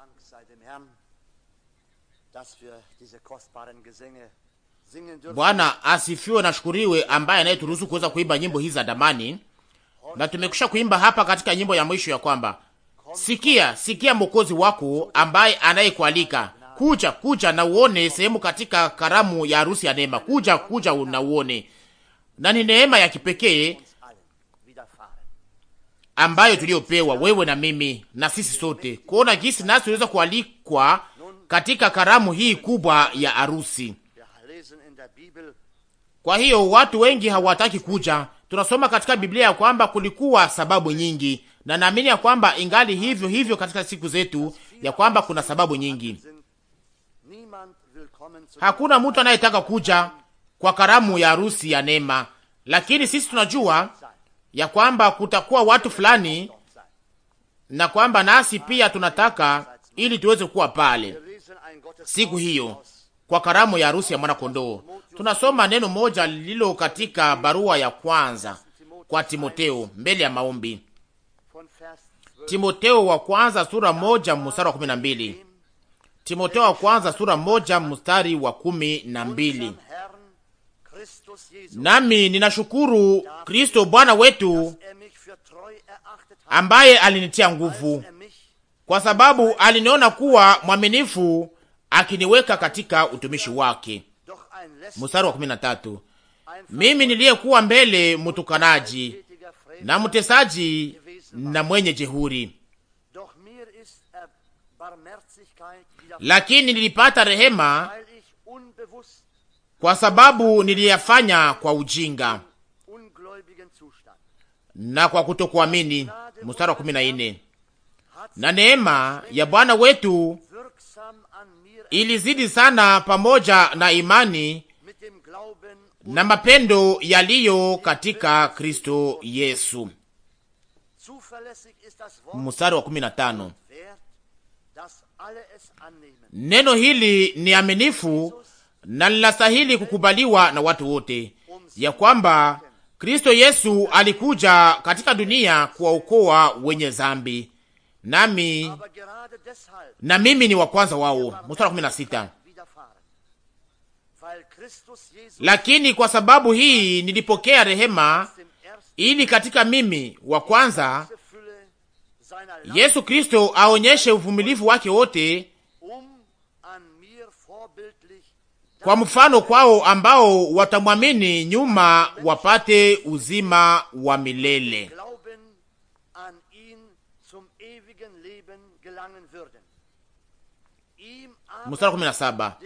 Dank sei dem Herrn, dass wir diese kostbaren Gesänge singen dürfen. Bwana asifiwe na shukuriwe, ambaye anayeturuhusu kuweza kuimba nyimbo hizi za damani, na tumekwisha kuimba hapa katika nyimbo ya mwisho ya kwamba sikia, sikia mwokozi wako ambaye anayekualika kuja, kuja na uone sehemu katika karamu ya harusi ya neema. Kuja, kuja na uone, na ni neema ya kipekee ambayo tuliyopewa wewe na mimi na sisi sote, kuona jinsi nasi tunaweza kualikwa katika karamu hii kubwa ya arusi. Kwa hiyo watu wengi hawataki kuja. Tunasoma katika Biblia ya kwamba kulikuwa sababu nyingi, na naamini ya kwamba ingali hivyo hivyo katika siku zetu, ya kwamba kuna sababu nyingi. Hakuna mtu anayetaka kuja kwa karamu ya arusi ya neema, lakini sisi tunajua ya kwamba kutakuwa watu fulani na kwamba nasi pia tunataka ili tuweze kuwa pale siku hiyo kwa karamu ya harusi ya mwanakondoo. Tunasoma neno moja lililo katika barua ya kwanza kwa Timoteo mbele ya maombi, Timoteo wa kwanza sura moja mstari wa kumi na mbili. Timoteo wa kwanza sura moja mstari wa kumi na mbili. Nami ninashukuru Kristo Bwana wetu ambaye alinitia nguvu, kwa sababu aliniona kuwa mwaminifu, akiniweka katika utumishi wake. Mstari wa mimi niliyekuwa mbele mtukanaji na mtesaji na mwenye jehuri, lakini nilipata rehema kwa sababu niliyafanya kwa ujinga na kwa kutokuamini. Mstari wa kumi na nne na neema ya Bwana wetu ilizidi sana pamoja na imani na mapendo yaliyo katika Kristo Yesu. Mstari wa 15. Neno hili ni aminifu na linastahili kukubaliwa na watu wote, ya kwamba Kristo Yesu alikuja katika dunia kuwaokoa wenye zambi, nami na mimi ni wa kwanza wao. Mstari Lakini kwa sababu hii nilipokea rehema, ili katika mimi wa kwanza Yesu Kristo aonyeshe uvumilivu wake wote kwa mfano kwao ambao watamwamini nyuma wapate uzima wa milele. Mstari kumi na saba.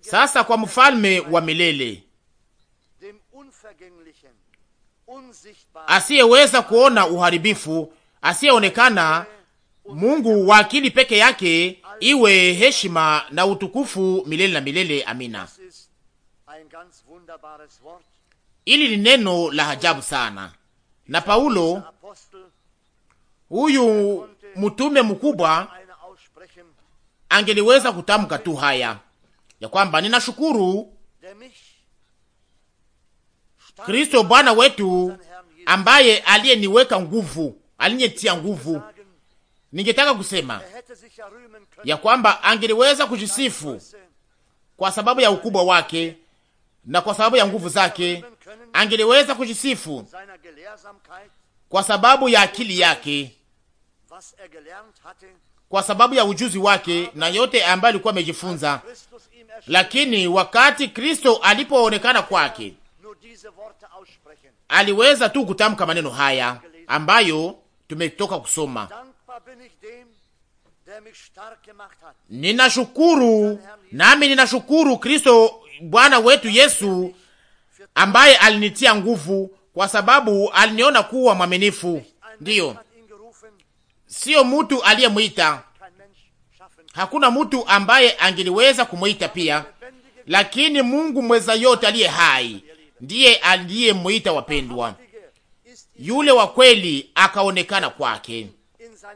Sasa kwa mfalme wa milele asiyeweza kuona uharibifu, asiyeonekana Mungu wa akili peke yake iwe heshima na utukufu milele na milele. Amina. Ili ni neno la ajabu sana, na Paulo huyu mtume mkubwa angeliweza kutamka tu haya ya kwamba ninashukuru Kristo Bwana wetu ambaye aliyeniweka nguvu, alinitia nguvu Ningetaka kusema ya kwamba angeliweza kujisifu kwa sababu ya ukubwa wake na kwa sababu ya nguvu zake, angeliweza kujisifu kwa sababu ya akili yake, kwa sababu ya ujuzi wake na yote ambayo alikuwa amejifunza. Lakini wakati Kristo alipoonekana kwake, aliweza tu kutamka maneno haya ambayo tumetoka kusoma. Ninashukuru nami ninashukuru Kristo Bwana wetu Yesu ambaye alinitia nguvu, kwa sababu aliniona kuwa mwaminifu. Ndiyo, siyo mutu aliyemwita, hakuna mutu ambaye angeliweza kumwita pia, lakini Mungu mweza yote aliye hai ndiye aliyemwita. Wapendwa, yule wa kweli akaonekana kwake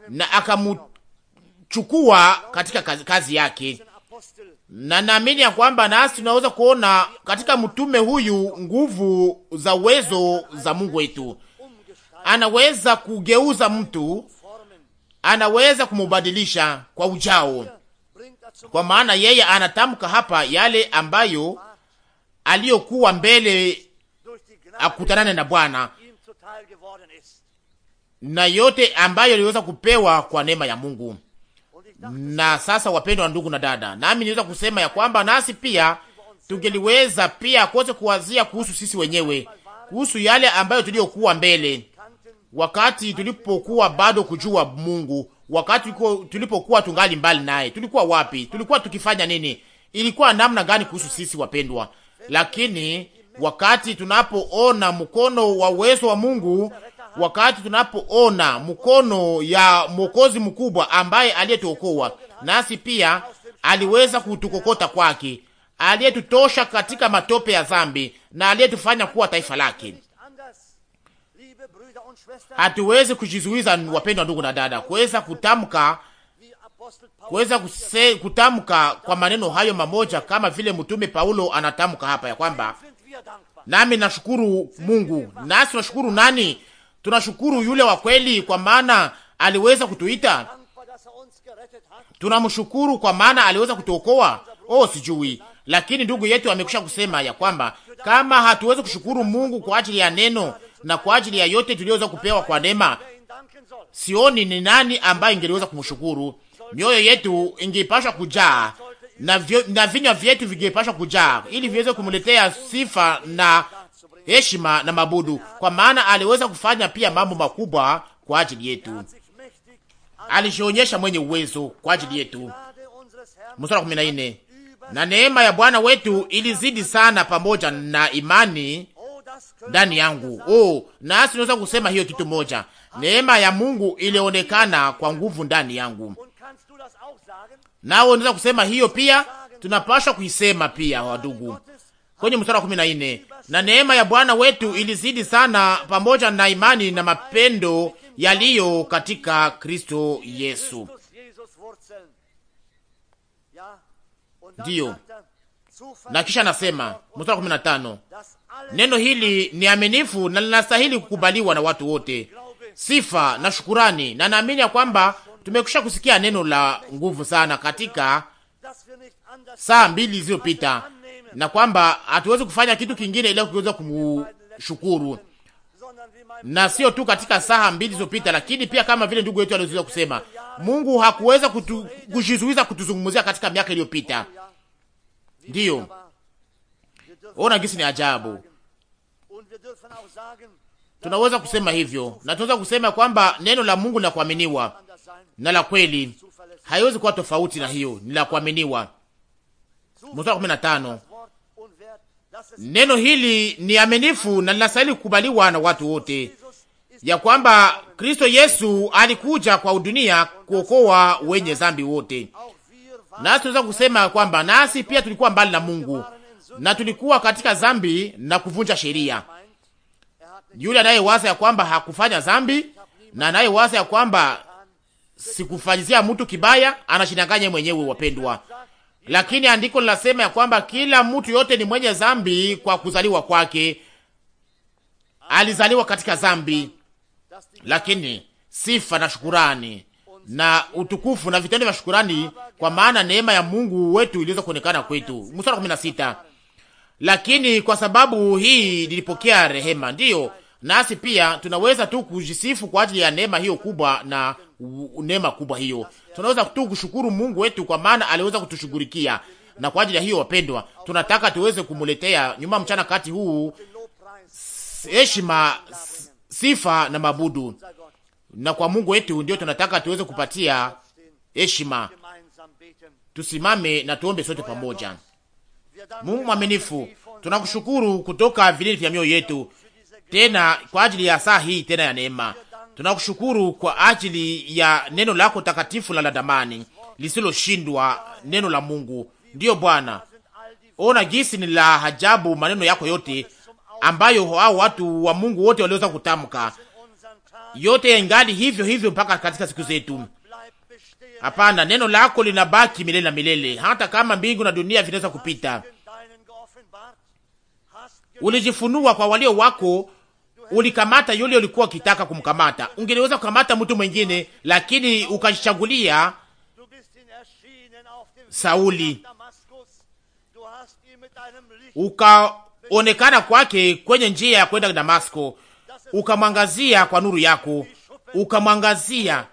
na akamuchukua katika kazi, kazi yake, na naamini ya kwamba nasi tunaweza kuona katika mtume huyu nguvu za uwezo za Mungu wetu. Anaweza kugeuza mtu, anaweza kumubadilisha kwa ujao, kwa maana yeye anatamka hapa yale ambayo aliyokuwa mbele akutanane na Bwana na yote ambayo aliweza kupewa kwa neema ya Mungu. Na sasa, wapendwa ndugu na dada, nami niweza kusema ya kwamba nasi pia tungeliweza pia kuweze kuwazia kuhusu sisi wenyewe, kuhusu yale ambayo tuliyokuwa mbele, wakati tulipokuwa bado kujua Mungu, wakati tulipokuwa tungali mbali naye. Tulikuwa wapi? Tulikuwa tukifanya nini? Ilikuwa namna gani kuhusu sisi, wapendwa? Lakini wakati tunapoona mkono wa uwezo wa Mungu wakati tunapoona mkono ya mwokozi mkubwa ambaye aliyetuokoa nasi pia aliweza kutukokota kwake, aliyetutosha katika matope ya zambi na aliyetufanya kuwa taifa lake. Hatuwezi kujizuiza, wapendwa ndugu na dada, kuweza kutamka kuweza kutamka kwa maneno hayo mamoja, kama vile mtume Paulo anatamka hapa ya kwamba nami nashukuru Mungu, nasi nashukuru nani? Tunashukuru yule wa kweli, kwa maana aliweza kutuita. Tunamshukuru kwa maana aliweza kutuokoa. Oh, sijui, lakini ndugu yetu amekusha kusema ya kwamba kama hatuwezi kushukuru Mungu kwa ajili ya neno na kwa ajili ya yote tuliyoweza kupewa kwa neema, sioni ni nani ambaye ingeliweza kumshukuru. Mioyo yetu ingepashwa kujaa na, na vinywa vyetu vingepashwa kujaa ili viweze kumletea sifa na heshima na mabudu, kwa maana aliweza kufanya pia mambo makubwa kwa ajili yetu. Alijionyesha mwenye uwezo kwa ajili yetu. Mstari kumi na nne na neema ya Bwana wetu ilizidi sana pamoja na imani ndani yangu. Oh, nasi tunaweza kusema hiyo kitu moja, neema ya Mungu ilionekana kwa nguvu ndani yangu. Nawe unaweza kusema hiyo pia, tunapashwa kuisema pia, wadugu kwenye mstari wa kumi na nne na neema ya Bwana wetu ilizidi sana pamoja na imani na mapendo yaliyo katika Kristo Yesu. Ndiyo, na kisha nasema mstari wa kumi na tano neno hili ni aminifu na linastahili kukubaliwa na watu wote, sifa na shukurani. Na naamini ya kwamba tumekwisha kusikia neno la nguvu sana katika saa mbili zilizopita na kwamba hatuwezi kufanya kitu kingine ila kuweza kumshukuru, na sio tu katika saa mbili zilizopita, lakini pia kama vile ndugu yetu aliweza kusema, Mungu hakuweza kutu, kujizuiza kutuzungumzia katika miaka iliyopita. Ndiyo, ona gisi ni ajabu. Tunaweza kusema hivyo na tunaweza kusema kwamba neno la Mungu la kuaminiwa na la kweli, haiwezi kuwa tofauti na hiyo, ni la kuaminiwa. Mstari wa 15 Neno hili ni aminifu na linastahili kukubaliwa na watu wote, ya kwamba Kristo Yesu alikuja kwa dunia kuokoa wenye zambi wote. Nasi tunaweza kusema kwamba nasi pia tulikuwa mbali na Mungu na tulikuwa katika zambi na kuvunja sheria. Yule anaye waza ya kwamba hakufanya zambi na anaye waza ya kwamba sikufanyizia mtu kibaya anashinanganye mwenyewe, wapendwa lakini andiko linasema ya kwamba kila mtu yote ni mwenye zambi kwa kuzaliwa kwake, alizaliwa katika zambi, lakini sifa na shukurani na utukufu na vitendo vya shukurani, kwa maana neema ya Mungu wetu iliweza kuonekana kwetu. Mstari sita lakini kwa sababu hii nilipokea rehema, ndiyo nasi pia tunaweza tu kujisifu kwa ajili ya neema hiyo kubwa na neema kubwa hiyo tunaweza tu kushukuru Mungu wetu, kwa maana aliweza kutushughulikia. Na kwa ajili ya hiyo, wapendwa, tunataka tuweze kumuletea nyuma mchana kati huu heshima, sifa na mabudu, na kwa Mungu wetu ndio tunataka tuweze kupatia heshima. Tusimame na tuombe sote pamoja. Mungu mwaminifu, tunakushukuru kutoka vilindi vya mioyo yetu, tena kwa ajili ya saa hii tena ya neema Tunakushukuru kwa ajili ya neno lako takatifu la ladamani lisiloshindwa, neno la Mungu. Ndiyo Bwana, ona jinsi ni la hajabu maneno yako yote ambayo hao watu wa Mungu wote waliweza kutamka, yote yangali hivyo hivyo mpaka katika siku zetu. Hapana, neno lako linabaki milele na milele, hata kama mbingu na dunia vinaweza kupita. Ulijifunua kwa walio wako ulikamata yule ulikuwa ukitaka kumkamata. Ungeliweza kukamata mtu mwingine, lakini ukajichagulia Sauli, ukaonekana kwake kwenye njia ya kwenda Damasko, ukamwangazia kwa nuru yako, ukamwangazia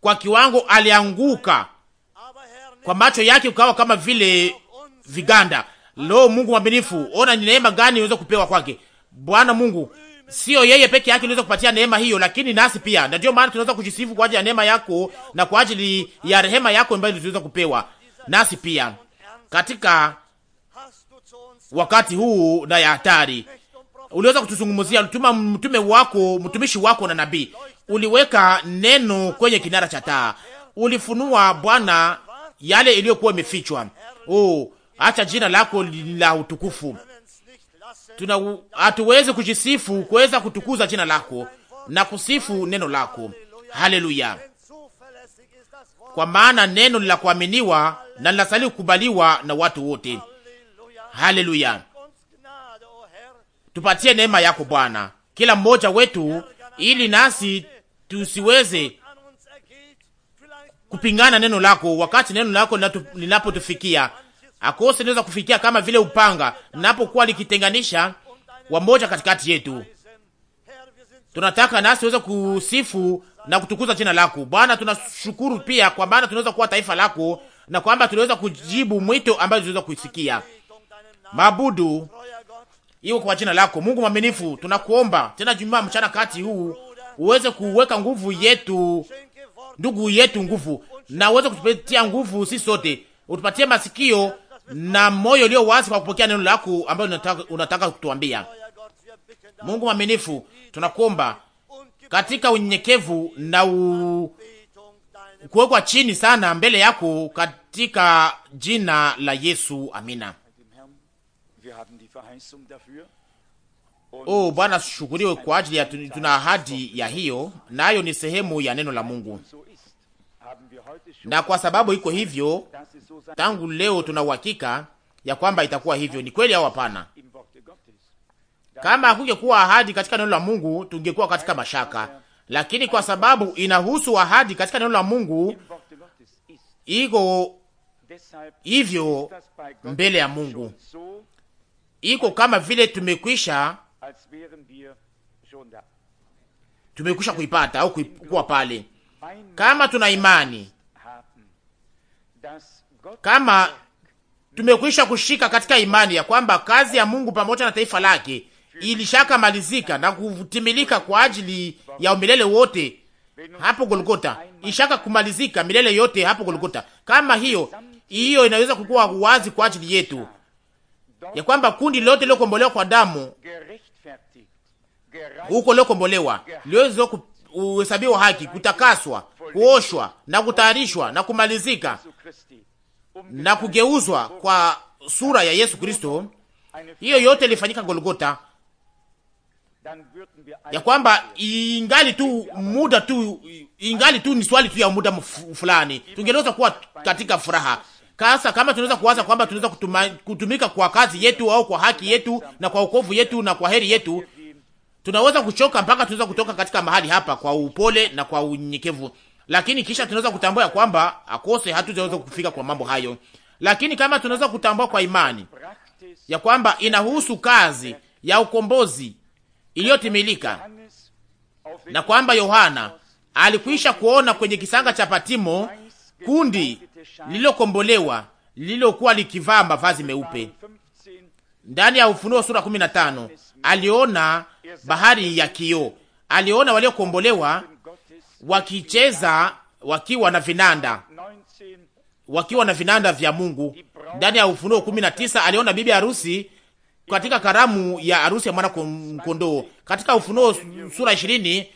kwa kiwango alianguka, kwa macho yake ukawa kama vile viganda, Lo, Mungu mwaminifu, ona ni neema gani unaweza kupewa kwake. Bwana Mungu, sio yeye peke yake unaweza kupatia neema hiyo, lakini nasi pia, na ndio maana tunaweza kujisifu kwa ajili ya neema yako na kwa ajili ya rehema yako ambayo tunaweza kupewa nasi pia katika wakati huu na ya hatari. Uliweza kutuzungumzia, ulituma mtume wako, mtumishi wako na nabii, uliweka neno kwenye kinara cha taa, ulifunua Bwana yale iliyokuwa imefichwa. Oh, acha jina lako la utukufu. Tuna hatuwezi kujisifu kuweza kutukuza jina lako na kusifu neno lako. Haleluya! Kwa maana neno ni la kuaminiwa na linastahili kukubaliwa na watu wote. Haleluya! Tupatie neema yako Bwana, kila mmoja wetu, ili nasi tusiweze kupingana neno lako wakati neno lako linapotufikia akose niweza kufikia kama vile upanga napokuwa likitenganisha wamoja katikati yetu. Tunataka nasi tuweze kusifu na kutukuza jina lako Bwana. Tunashukuru pia kwa maana tunaweza kuwa taifa lako na kwamba tunaweza kujibu mwito ambao tunaweza kuisikia. Mabudu iwe kwa jina lako Mungu mwaminifu. Tunakuomba tena Jumaa mchana kati huu uweze kuweka nguvu yetu, ndugu yetu, nguvu na uweze kutupatia nguvu sisi sote, utupatie masikio na moyo ulio wazi kwa kupokea neno lako ambalo unataka, unataka kutuambia. Mungu mwaminifu, tunakuomba katika unyenyekevu na u... kuwekwa chini sana mbele yako katika jina la Yesu, amina. Oh Bwana, shukuriwe kwa ajili ya tuna ahadi ya hiyo, nayo na ni sehemu ya neno la Mungu na kwa sababu iko hivyo tangu leo, tuna uhakika ya kwamba itakuwa hivyo. Ni kweli au hapana? Kama hakungekuwa ahadi katika neno la Mungu, tungekuwa katika mashaka, lakini kwa sababu inahusu ahadi katika neno la Mungu, iko hivyo mbele ya Mungu, iko kama vile tumekwisha tumekwisha kuipata au kuwa pale. Kama tuna imani kama tumekwisha kushika katika imani ya kwamba kazi ya Mungu pamoja na taifa lake ilishakamalizika na kutimilika kwa ajili ya umilele wote hapo Golgota, ishaka kumalizika milele yote hapo Golgota. Kama hiyo hiyo inaweza kukuwa wazi kwa ajili yetu ya kwamba kundi lote lilokombolewa kwa damu huko lilokombolewa liweze kuhesabiwa haki, kutakaswa, kuoshwa na kutayarishwa na kumalizika na kugeuzwa kwa sura ya Yesu Kristo, hiyo yote ilifanyika Golgota, ya kwamba ingali tu muda tu, ingali tu ni swali tu ya muda fulani, tungeweza kuwa katika furaha kasa kama tunaweza kuwaza kwamba tunaweza kutumika kwa kazi yetu au kwa haki yetu na kwa ukovu yetu na kwa heri yetu, tunaweza kuchoka mpaka tunaweza kutoka katika mahali hapa kwa upole na kwa unyenyekevu lakini kisha tunaweza kutambua ya kwamba akose hatujaweza kufika kwa mambo hayo, lakini kama tunaweza kutambua kwa imani ya kwamba inahusu kazi ya ukombozi iliyotimilika na kwamba Yohana alikwisha kuona kwenye kisanga cha Patimo kundi lililokombolewa lililokuwa likivaa mavazi meupe. Ndani ya Ufunuo sura 15 aliona bahari ya kioo, aliona waliokombolewa wakicheza wakiwa na vinanda, wakiwa na vinanda vya Mungu. Ndani ya Ufunuo kumi na tisa aliona bibi harusi katika karamu ya harusi ya mwana kondoo. Katika Ufunuo sura ishirini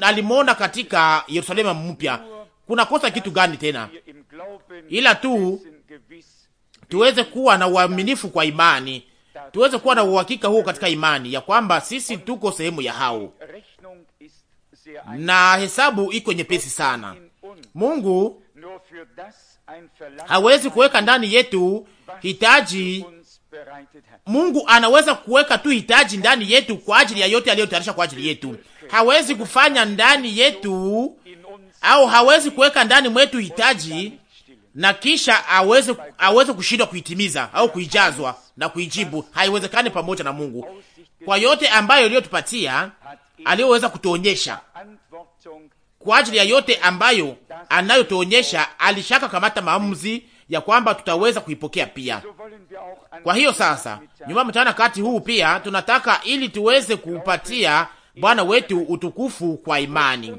alimwona katika Yerusalemu mpya. Kuna kosa kitu gani tena, ila tu tuweze kuwa na uaminifu kwa imani, tuweze kuwa na uhakika huo katika imani ya kwamba sisi tuko sehemu ya hao na hesabu iko nyepesi sana. Mungu hawezi kuweka ndani yetu hitaji. Mungu anaweza kuweka tu hitaji ndani yetu kwa ajili ya yote aliyotayarisha kwa ajili yetu. Hawezi kufanya ndani yetu au hawezi kuweka ndani mwetu hitaji na kisha aweze aweze kushindwa kuitimiza au kuijazwa na kuijibu. Haiwezekani pamoja na Mungu. Kwa yote ambayo iliyotupatia aliyoweza kutuonyesha kwa ajili ya yote ambayo anayotuonyesha, alishaka kamata maamuzi ya kwamba tutaweza kuipokea pia. Kwa hiyo sasa, nyuma mchana kati huu pia tunataka ili tuweze kuupatia Bwana wetu utukufu kwa imani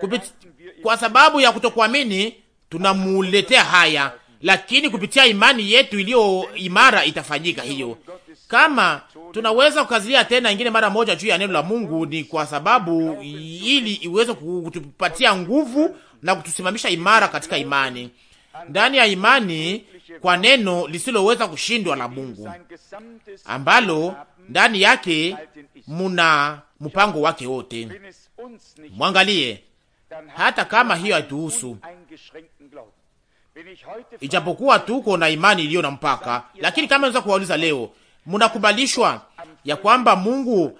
Kupit, kwa sababu ya kutokuamini tunamuletea haya, lakini kupitia imani yetu iliyo imara itafanyika hiyo. Kama tunaweza kukazilia tena ingine mara moja juu ya neno la Mungu, ni kwa sababu ili iweze kutupatia nguvu na kutusimamisha imara katika imani, ndani ya imani kwa neno lisiloweza kushindwa la Mungu, ambalo ndani yake muna mpango wake wote. Mwangalie hata kama hiyo haituhusu ijapokuwa tuko na imani iliyo na mpaka, lakini kama naweza kuwauliza leo, munakubalishwa ya kwamba Mungu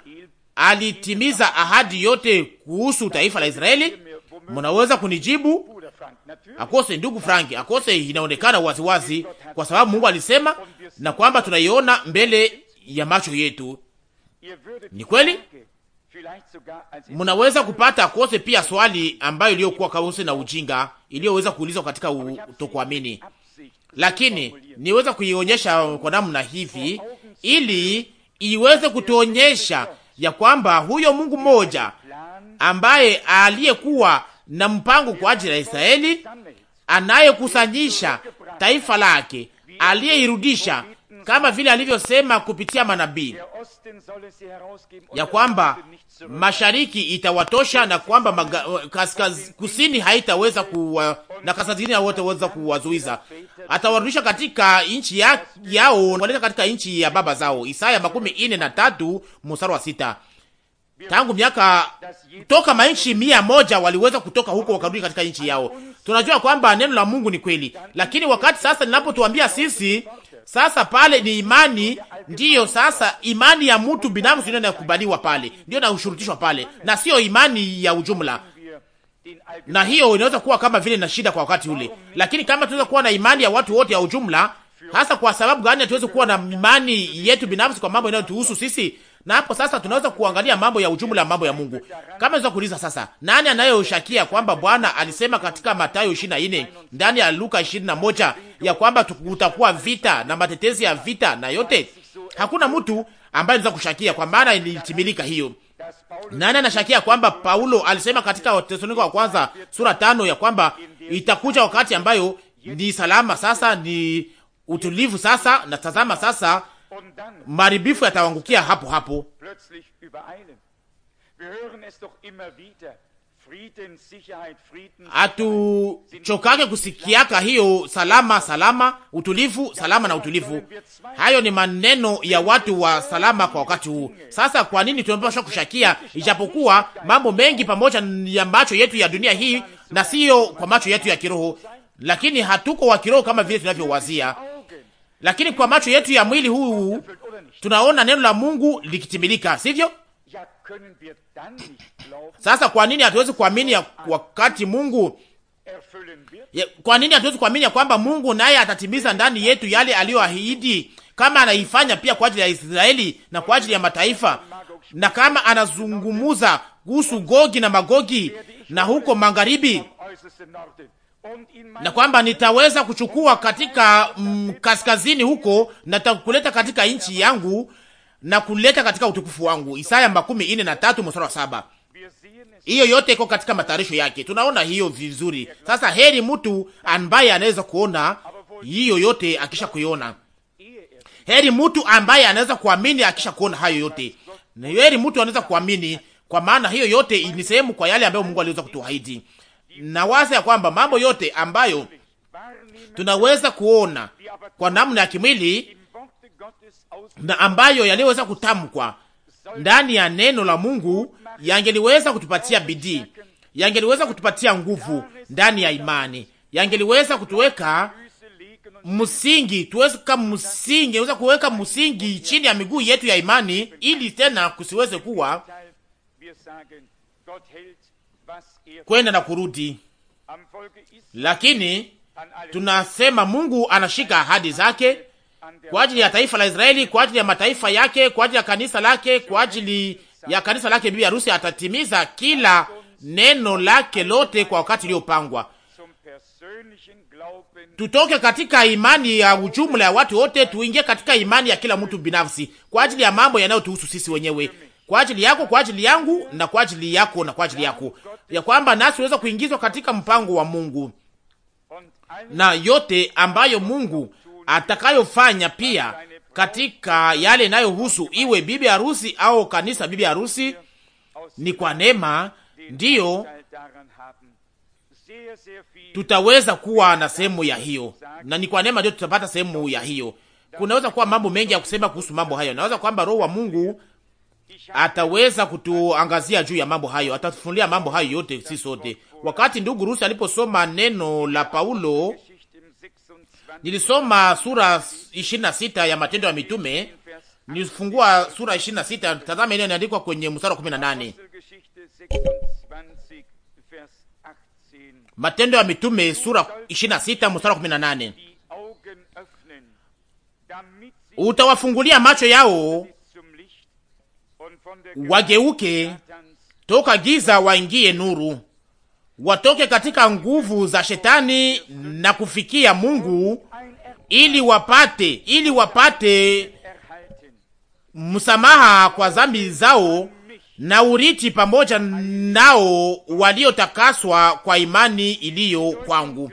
alitimiza ahadi yote kuhusu taifa la Israeli? Mnaweza kunijibu? Akose ndugu Franki, akose inaonekana waziwazi wazi, kwa sababu Mungu alisema na kwamba tunaiona mbele ya macho yetu. Ni kweli? Mnaweza kupata akose pia swali ambayo iliyokuwa kausi na ujinga iliyoweza kuulizwa katika utokuamini, lakini niweza kuionyesha kwa namna hivi ili iweze kutuonyesha ya kwamba huyo Mungu mmoja ambaye aliyekuwa na mpango kwa ajili ya Israeli, anayekusanyisha taifa lake, aliyeirudisha kama vile alivyosema kupitia manabii ya kwamba mashariki itawatosha na kwamba maga, eh, kaskaz, kusini haitaweza kuwa na kaskazini hawataweza kuwazuiza. Atawarudisha katika nchi ya, yao waleta katika nchi ya baba zao. Isaya makumi ine na tatu mstari wa sita tangu miaka toka mainchi mia moja waliweza kutoka huko wakarudi katika nchi yao. Tunajua kwamba neno la Mungu ni kweli, lakini wakati sasa linapotuambia sisi sasa, pale ni imani ndiyo. Sasa imani ya mtu binafsi ndio inakubaliwa pale, ndio inahushurutishwa pale, na sio imani ya ujumla na hiyo inaweza kuwa kama vile na shida kwa wakati ule, lakini kama tunaweza kuwa na imani ya watu wote ya ujumla, hasa kwa sababu gani hatuwezi kuwa na imani yetu binafsi kwa mambo yanayotuhusu sisi? Na hapo sasa tunaweza kuangalia mambo ya ujumla, mambo ya Mungu. Kama unaweza kuuliza sasa, nani anayoshakia kwamba Bwana alisema katika Mathayo 24 ndani ya Luka 21 ya kwamba tutakuwa vita na matetezi ya vita na yote? Hakuna mtu ambaye anaweza kushakia kwa maana ilitimilika hiyo. Nani anashakia kwamba Paulo alisema katika Wathesalonike wa kwanza sura tano ya kwamba itakuja wakati ambayo ni salama sasa, ni utulivu sasa, na tazama sasa maribifu yatawangukia hapo hapo. Hatuchokake kusikiaka hiyo salama, salama, utulivu, salama na utulivu. Hayo ni maneno ya watu wa salama kwa wakati huu. Sasa kwa nini tunapaswa kushakia, ijapokuwa mambo mengi pamoja ya macho yetu ya dunia hii na siyo kwa macho yetu ya kiroho, lakini hatuko wa kiroho kama vile tunavyowazia lakini kwa macho yetu ya mwili huu tunaona neno la Mungu likitimilika, sivyo? Sasa kwa nini hatuwezi kuamini wakati Mungu, kwa nini hatuwezi kuamini ya kwamba Mungu naye atatimiza ndani yetu yale aliyoahidi, kama anaifanya pia kwa ajili ya Israeli na kwa ajili ya mataifa, na kama anazungumuza kuhusu Gogi na Magogi na huko magharibi na kwamba nitaweza kuchukua katika mm, kaskazini huko na nitakuleta katika nchi yangu na kuleta katika utukufu wangu. Isaya makumi ine na tatu mstari wa saba. Hiyo yote iko katika matayarisho yake, tunaona hiyo vizuri. Sasa heri mtu ambaye anaweza kuona hiyo yote akisha kuiona. Heri mtu ambaye anaweza kuamini akisha kuona hayo yote, na heri mtu anaweza kuamini, kwa maana hiyo yote ni sehemu kwa yale ambayo Mungu aliweza kutuahidi na waza ya kwamba mambo yote ambayo tunaweza kuona kwa namna ya kimwili na ambayo yaliweza kutamkwa ndani ya neno la Mungu yangeliweza kutupatia bidii, yangeliweza kutupatia nguvu ndani ya imani, yangeliweza kutuweka msingi tuweze kama msingi weza kuweka msingi chini ya miguu yetu ya imani, ili tena kusiweze kuwa kwenda na kurudi, lakini tunasema Mungu anashika ahadi zake kwa ajili ya taifa la Israeli, kwa ajili ya mataifa yake, kwa ajili ya kanisa lake, kwa ajili ya kanisa lake bibi harusi. Atatimiza kila neno lake lote kwa wakati uliopangwa. Tutoke katika imani ya ujumla ya watu wote, tuingie katika imani ya kila mtu binafsi, kwa ajili ya mambo yanayotuhusu sisi wenyewe kwa ajili yako, kwa ajili yangu na kwa ajili yako na kwa ajili yako, ya kwamba nasi tunaweza kuingizwa katika mpango wa Mungu na yote ambayo Mungu atakayofanya pia katika yale inayohusu iwe bibi harusi au kanisa bibi harusi, ni kwa neema ndiyo tutaweza kuwa na sehemu ya hiyo, na ni kwa neema ndiyo tutapata sehemu ya hiyo. Kunaweza kuwa mambo mengi ya kusema kuhusu mambo hayo. Naweza kwamba roho wa Mungu ataweza kutuangazia juu ya mambo hayo, atatufunulia mambo hayo yote si sote. Wakati ndugu Rusi aliposoma neno la Paulo, nilisoma sura 26 ya Matendo ya Mitume, nilifungua sura 26, tazama ile inaandikwa kwenye mstari wa 18, Matendo ya Mitume sura 26 mstari wa 18, utawafungulia macho yao wageuke toka giza waingie nuru, watoke katika nguvu za shetani na kufikia Mungu, ili wapate ili wapate msamaha kwa dhambi zao na urithi pamoja nao waliotakaswa kwa imani iliyo kwangu,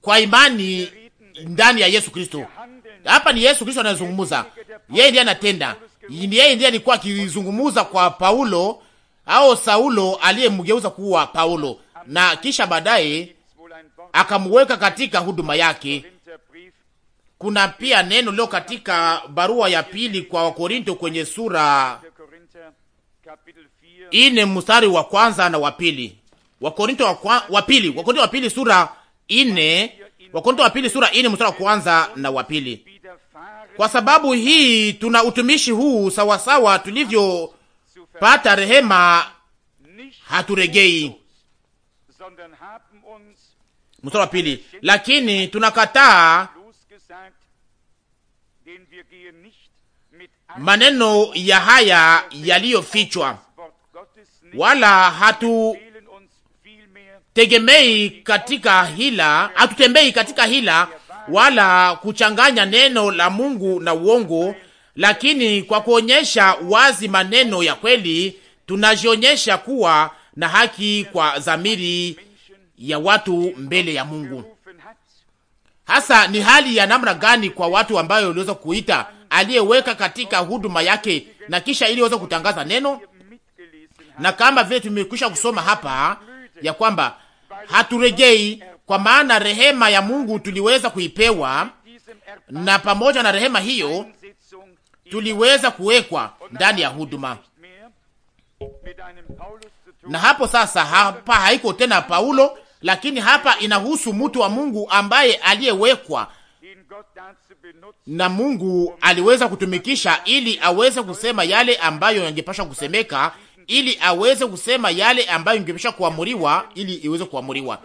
kwa imani ndani ya Yesu Kristo. Hapa ni Yesu Kristo anazungumuza, yeye ndiye anatenda, yeye ndiye alikuwa akizungumuza kwa Paulo au Saulo aliyemgeuza kuwa Paulo na kisha baadaye akamweka katika huduma yake. Kuna pia neno leo katika barua ya pili kwa Wakorinto kwenye sura ine mstari wa kwanza na wa pili. Wakorinto wa pili, Wakorinto wa pili sura ine, Wakorinto wa pili sura ine mstari wa kwanza na wa pili. Kwa sababu hii tuna utumishi huu sawasawa tulivyopata rehema, haturegei. Mstari wa pili, lakini tunakataa maneno ya haya yaliyofichwa, wala hatutegemei katika hila, hatutembei katika hila wala kuchanganya neno la Mungu na uongo, lakini kwa kuonyesha wazi maneno ya kweli tunajionyesha kuwa na haki kwa dhamiri ya watu mbele ya Mungu. Hasa ni hali ya namna gani kwa watu ambayo uliweza kuita aliyeweka katika huduma yake na kisha ili waweze kutangaza neno, na kama vile tumekwisha kusoma hapa ya kwamba haturegei kwa maana rehema ya Mungu tuliweza kuipewa, na pamoja na rehema hiyo tuliweza kuwekwa ndani ya huduma. Na hapo sasa, hapa haiko tena Paulo, lakini hapa inahusu mtu wa Mungu ambaye aliyewekwa na Mungu aliweza kutumikisha ili aweze kusema yale ambayo yangepasha kusemeka, ili aweze kusema yale ambayo ingepasha kuamuriwa, ili iweze kuamuriwa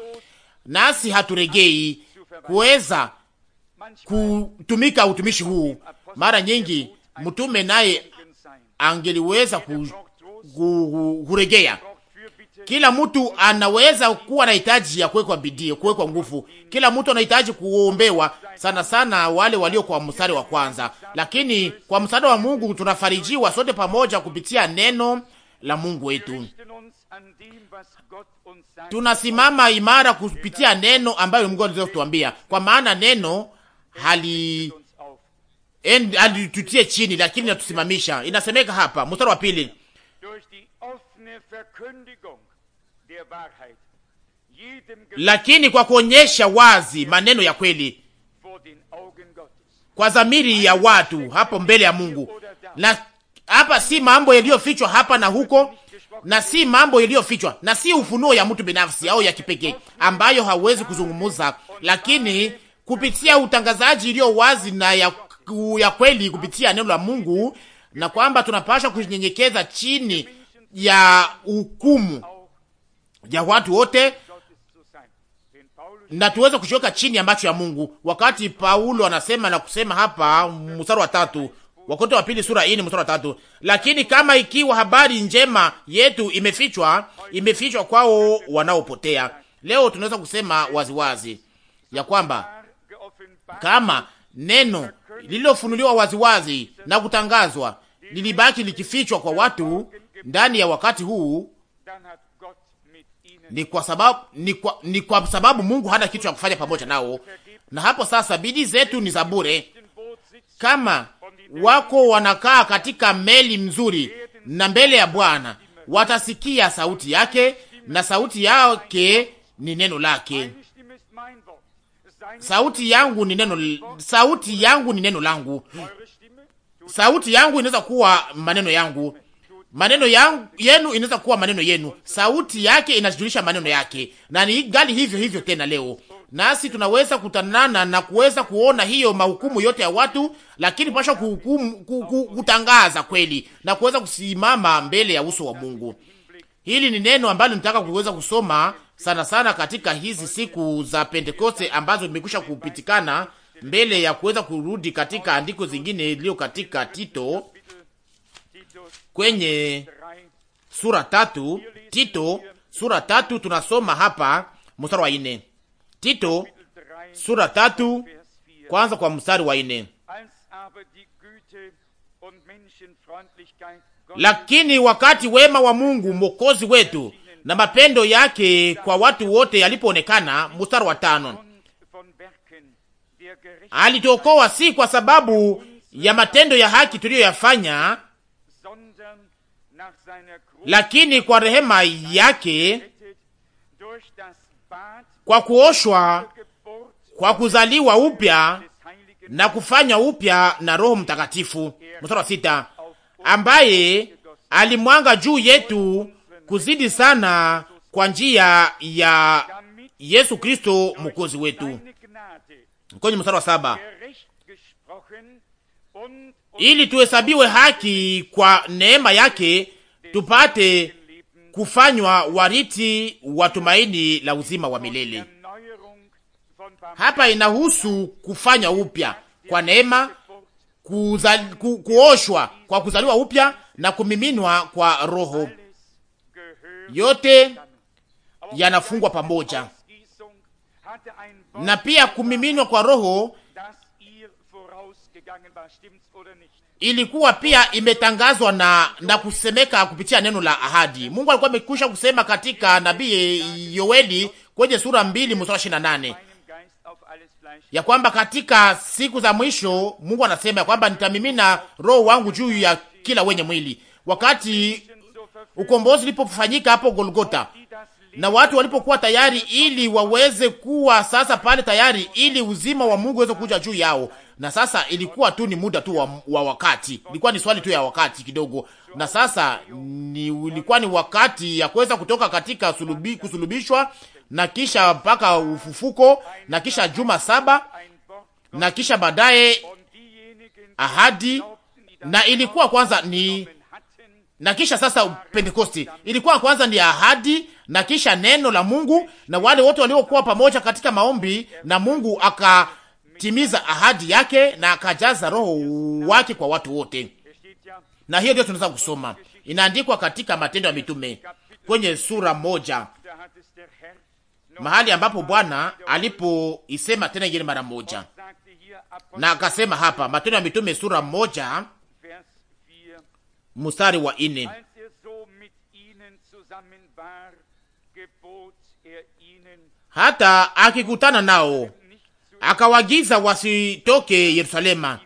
nasi haturegei kuweza kutumika utumishi huu. Mara nyingi mtume naye angeliweza kuregea. Kila mtu anaweza kuwa na hitaji ya kuwekwa bidii, kuwekwa nguvu. Kila mtu anahitaji kuombewa, sana sana wale walio kwa mstari wa kwanza, lakini kwa msaada wa Mungu tunafarijiwa sote pamoja kupitia neno la Mungu wetu tunasimama imara kupitia neno ambayo Mungu aliweza kutuambia, kwa maana neno hali alitutie chini, lakini natusimamisha. Inasemeka hapa mstari wa pili, lakini kwa kuonyesha wazi maneno ya kweli kwa dhamiri ya watu hapo mbele ya Mungu. Na hapa si mambo yaliyofichwa hapa na huko, na si mambo yaliyofichwa na si ufunuo ya mtu binafsi au ya kipekee ambayo hawezi kuzungumuza, lakini kupitia utangazaji iliyo wazi na ya, ya kweli kupitia neno la Mungu, na kwamba tunapaswa kunyenyekeza chini ya hukumu ya watu wote na tuweze kushoka chini ya macho ya Mungu. Wakati Paulo anasema na kusema hapa mstari wa tatu, Wakorintho wa pili sura ini ni mstari wa tatu. Lakini kama ikiwa habari njema yetu imefichwa, imefichwa kwao wanaopotea. Leo tunaweza kusema waziwazi wazi ya kwamba kama neno lililofunuliwa waziwazi na kutangazwa lilibaki likifichwa kwa watu ndani ya wakati huu, ni kwa sababu ni kwa, ni kwa sababu Mungu hana kitu cha kufanya pamoja nao, na hapo sasa bidii zetu ni za bure kama wako wanakaa katika meli mzuri na mbele ya Bwana watasikia sauti yake, na sauti yake ni neno lake. Sauti yangu ni neno, sauti yangu ni neno langu. Sauti yangu inaweza kuwa maneno yangu, maneno yangu yenu inaweza kuwa maneno yenu. Sauti yake inajulisha maneno yake, na ni gali hivyo hivyo tena leo nasi tunaweza kutanana na kuweza kuona hiyo mahukumu yote ya watu, lakini pasha kuhukumu, kutangaza kweli na kuweza kusimama mbele ya uso wa Mungu. Hili ni neno ambalo nitaka kuweza kusoma sana sana katika hizi siku za Pentekoste ambazo imekwisha kupitikana mbele ya kuweza kurudi katika andiko zingine iliyo katika Tito kwenye sura tatu, Tito sura tatu tunasoma hapa mstari wa nne. Tito sura tatu kwanza kwa mstari wa ine. Lakini wakati wema wa Mungu mwokozi wetu na mapendo yake kwa watu wote yalipoonekana, mstari wa tano, alituokoa si kwa sababu ya matendo ya haki tuliyoyafanya, lakini kwa rehema yake kwa kuoshwa kwa kuzaliwa upya na kufanya upya na Roho Mtakatifu. Mstari wa sita, ambaye alimwanga juu yetu kuzidi sana kwa njia ya Yesu Kristo mwokozi wetu. Kwenye mstari wa saba, ili tuhesabiwe haki kwa neema yake tupate kufanywa wariti wa tumaini la uzima wa milele. Hapa inahusu kufanya upya kwa neema, ku, kuoshwa kwa kuzaliwa upya na kumiminwa kwa Roho. Yote yanafungwa pamoja, na pia kumiminwa kwa Roho ilikuwa pia imetangazwa na, na kusemeka kupitia neno la ahadi. Mungu alikuwa amekwisha kusema katika nabii Yoeli kwenye sura mbili mstari ishirini nane ya kwamba katika siku za mwisho Mungu anasema ya kwamba nitamimina roho wangu juu ya kila wenye mwili. Wakati ukombozi ulipofanyika hapo Golgota na watu walipokuwa tayari ili waweze kuwa sasa pale tayari ili uzima wa Mungu uweze kuja juu yao na sasa ilikuwa tu ni muda tu wa, wa wakati, ilikuwa ni swali tu ya wakati kidogo, na sasa ni ilikuwa ni wakati ya kuweza kutoka katika sulubi, kusulubishwa na kisha mpaka ufufuko na kisha juma saba na kisha baadaye ahadi, na ilikuwa kwanza ni na kisha sasa Pentekosti ilikuwa kwanza ni ahadi na kisha neno la Mungu na wale wote waliokuwa pamoja katika maombi, na Mungu aka kutimiza ahadi yake na akajaza roho wake kwa watu wote. Na hiyo ndio tunaweza kusoma, inaandikwa katika Matendo ya Mitume kwenye sura moja, mahali ambapo Bwana alipoisema tena ingine mara moja, na akasema hapa, Matendo ya Mitume sura moja mstari wa ine hata akikutana nao akawagiza wasitoke Yerusalema,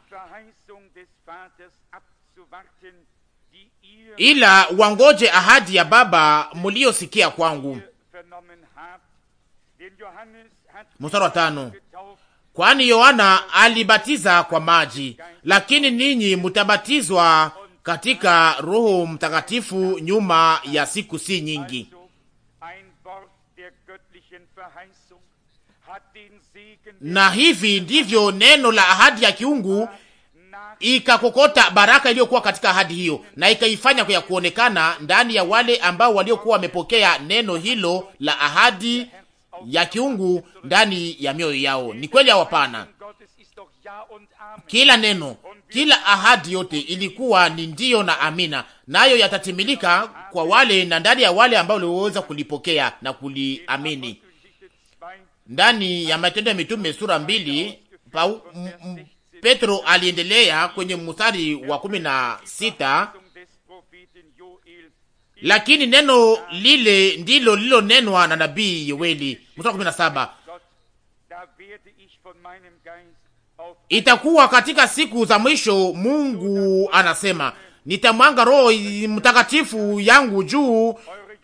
ila wangoje ahadi ya Baba muliosikia kwangu. Mstari wa tano. Kwani Yohana alibatiza kwa maji, lakini ninyi mutabatizwa katika Roho Mtakatifu nyuma ya siku si nyingi. na hivi ndivyo neno la ahadi ya kiungu ikakokota baraka iliyokuwa katika ahadi hiyo na ikaifanya kwa kuonekana ndani ya wale ambao waliokuwa wamepokea neno hilo la ahadi ya kiungu ndani ya mioyo yao. Ni kweli au hapana? Kila neno, kila ahadi yote ilikuwa ni ndiyo na amina, nayo yatatimilika kwa wale na ndani ya wale ambao waliweza kulipokea na kuliamini ndani ya Matendo ya Mitume sura mbili pa, Petro aliendelea kwenye mstari wa kumi na sita lakini neno lile ndilo lilonenwa na nabii Yoeli. Mstari wa kumi na saba itakuwa katika siku za mwisho, Mungu anasema nitamwanga Roho Mtakatifu yangu juu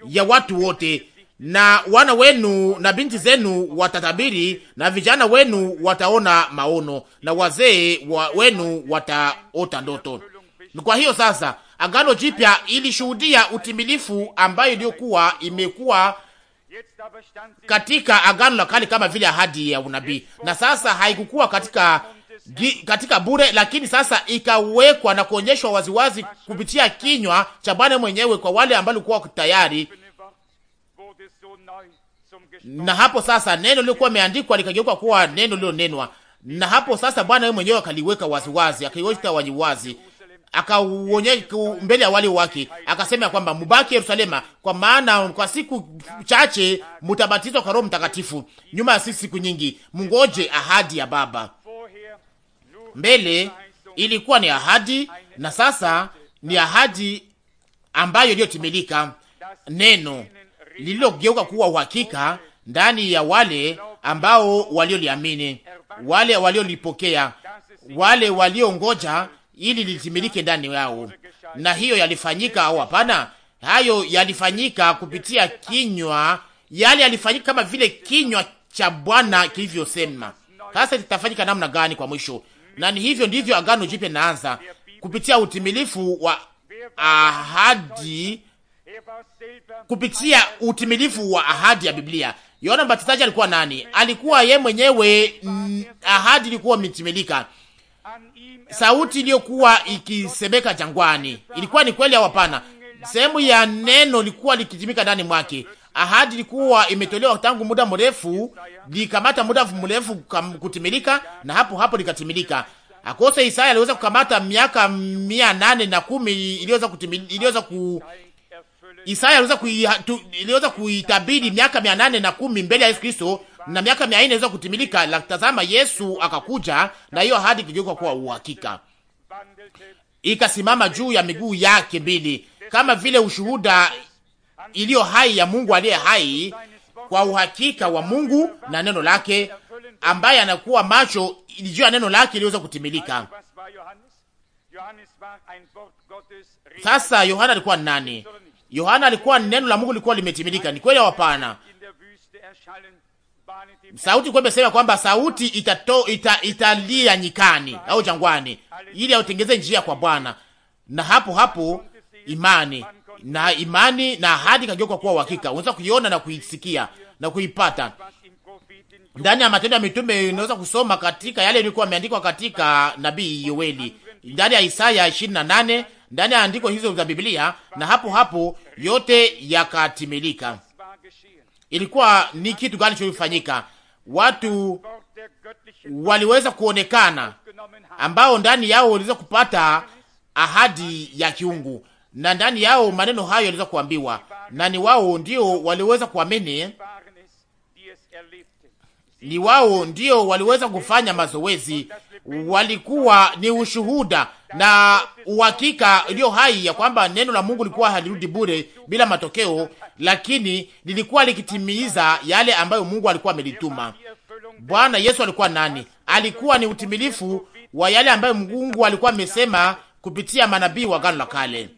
ya watu wote na wana wenu na binti zenu watatabiri, na vijana wenu wataona maono, na wazee wa wenu wataota ndoto. Kwa hiyo sasa, Agano Jipya ilishuhudia utimilifu ambayo iliyokuwa imekuwa katika Agano la Kale kama vile ahadi ya unabii, na sasa haikukuwa katika katika bure, lakini sasa ikawekwa na kuonyeshwa waziwazi kupitia kinywa cha Bwana mwenyewe kwa wale ambao walikuwa tayari na hapo sasa neno lilikuwa limeandikwa likageuka kuwa neno lililonenwa, na hapo sasa Bwana yeye mwenyewe akaliweka waziwazi, akaiweka waziwazi, akauonyesha mbele ya wale wake, akasema kwamba mubaki Yerusalema, kwa maana kwa siku chache mtabatizwa kwa Roho Mtakatifu, nyuma ya sisi siku nyingi mngoje ahadi ya Baba. Mbele ilikuwa ni ahadi, na sasa ni ahadi ambayo iliyotimilika neno lililogeuka kuwa uhakika ndani ya wale ambao walioliamini, wale waliolipokea, wale waliongoja ili litimilike ndani yao. Na hiyo yalifanyika au hapana? Hayo yalifanyika kupitia kinywa, yale yalifanyika kama vile kinywa cha Bwana kilivyosema. Sasa litafanyika namna gani kwa mwisho? Na ni hivyo ndivyo agano jipya naanza kupitia utimilifu wa ahadi kupitia utimilifu wa ahadi ya Biblia. Yohana Mbatizaji alikuwa nani? Alikuwa ye mwenyewe. Mm, ahadi ilikuwa imetimilika. Sauti iliyokuwa ikisemeka jangwani ilikuwa ni kweli au hapana? Sehemu ya neno likuwa likitimika ndani mwake. Ahadi ilikuwa imetolewa tangu muda mrefu, likamata muda mrefu kutimilika, na hapo hapo likatimilika. Akose Isaya aliweza kukamata miaka mia nane na kumi iliweza kutimilika, iliweza ku Isaya aliweza kuiweza kuitabiri miaka mia nane na kumi mbele ya Yesu Kristo, na miaka mia nne iliweza kutimilika. La, tazama Yesu akakuja, na hiyo ahadi ikigeuka kuwa uhakika, ikasimama juu ya miguu yake mbili, kama vile ushuhuda iliyo hai ya Mungu aliye hai, kwa uhakika wa Mungu na neno lake, ambaye anakuwa macho juu ya neno lake iliweza kutimilika. Sasa Yohana alikuwa nani? Yohana alikuwa neno la Mungu likuwa limetimilika. Ni kweli au hapana? Sauti kwa imesema kwamba sauti itato ita, italia nyikani au jangwani ili autengeze njia kwa Bwana. Na hapo hapo imani na imani na ahadi kageuka kuwa uhakika. Unaweza kuiona na kuisikia na kuipata. Ndani ya Matendo ya Mitume unaweza kusoma katika yale yalikuwa yameandikwa katika nabii Yoeli. Ndani ya Isaya 28 ndani ya andiko hizo za Biblia, na hapo hapo yote yakatimilika. Ilikuwa ni kitu gani chofanyika? Watu waliweza kuonekana ambao ndani yao waliweza kupata ahadi ya kiungu na ndani yao maneno hayo yaliweza kuambiwa, na ni wao ndio waliweza kuamini, ni wao ndio waliweza kufanya mazoezi walikuwa ni ushuhuda na uhakika iliyo hai ya kwamba neno la Mungu lilikuwa halirudi bure bila matokeo, lakini lilikuwa likitimiza yale ambayo Mungu alikuwa amelituma. Bwana Yesu alikuwa nani? Alikuwa ni utimilifu wa yale ambayo Mungu alikuwa amesema kupitia manabii wa Agano la Kale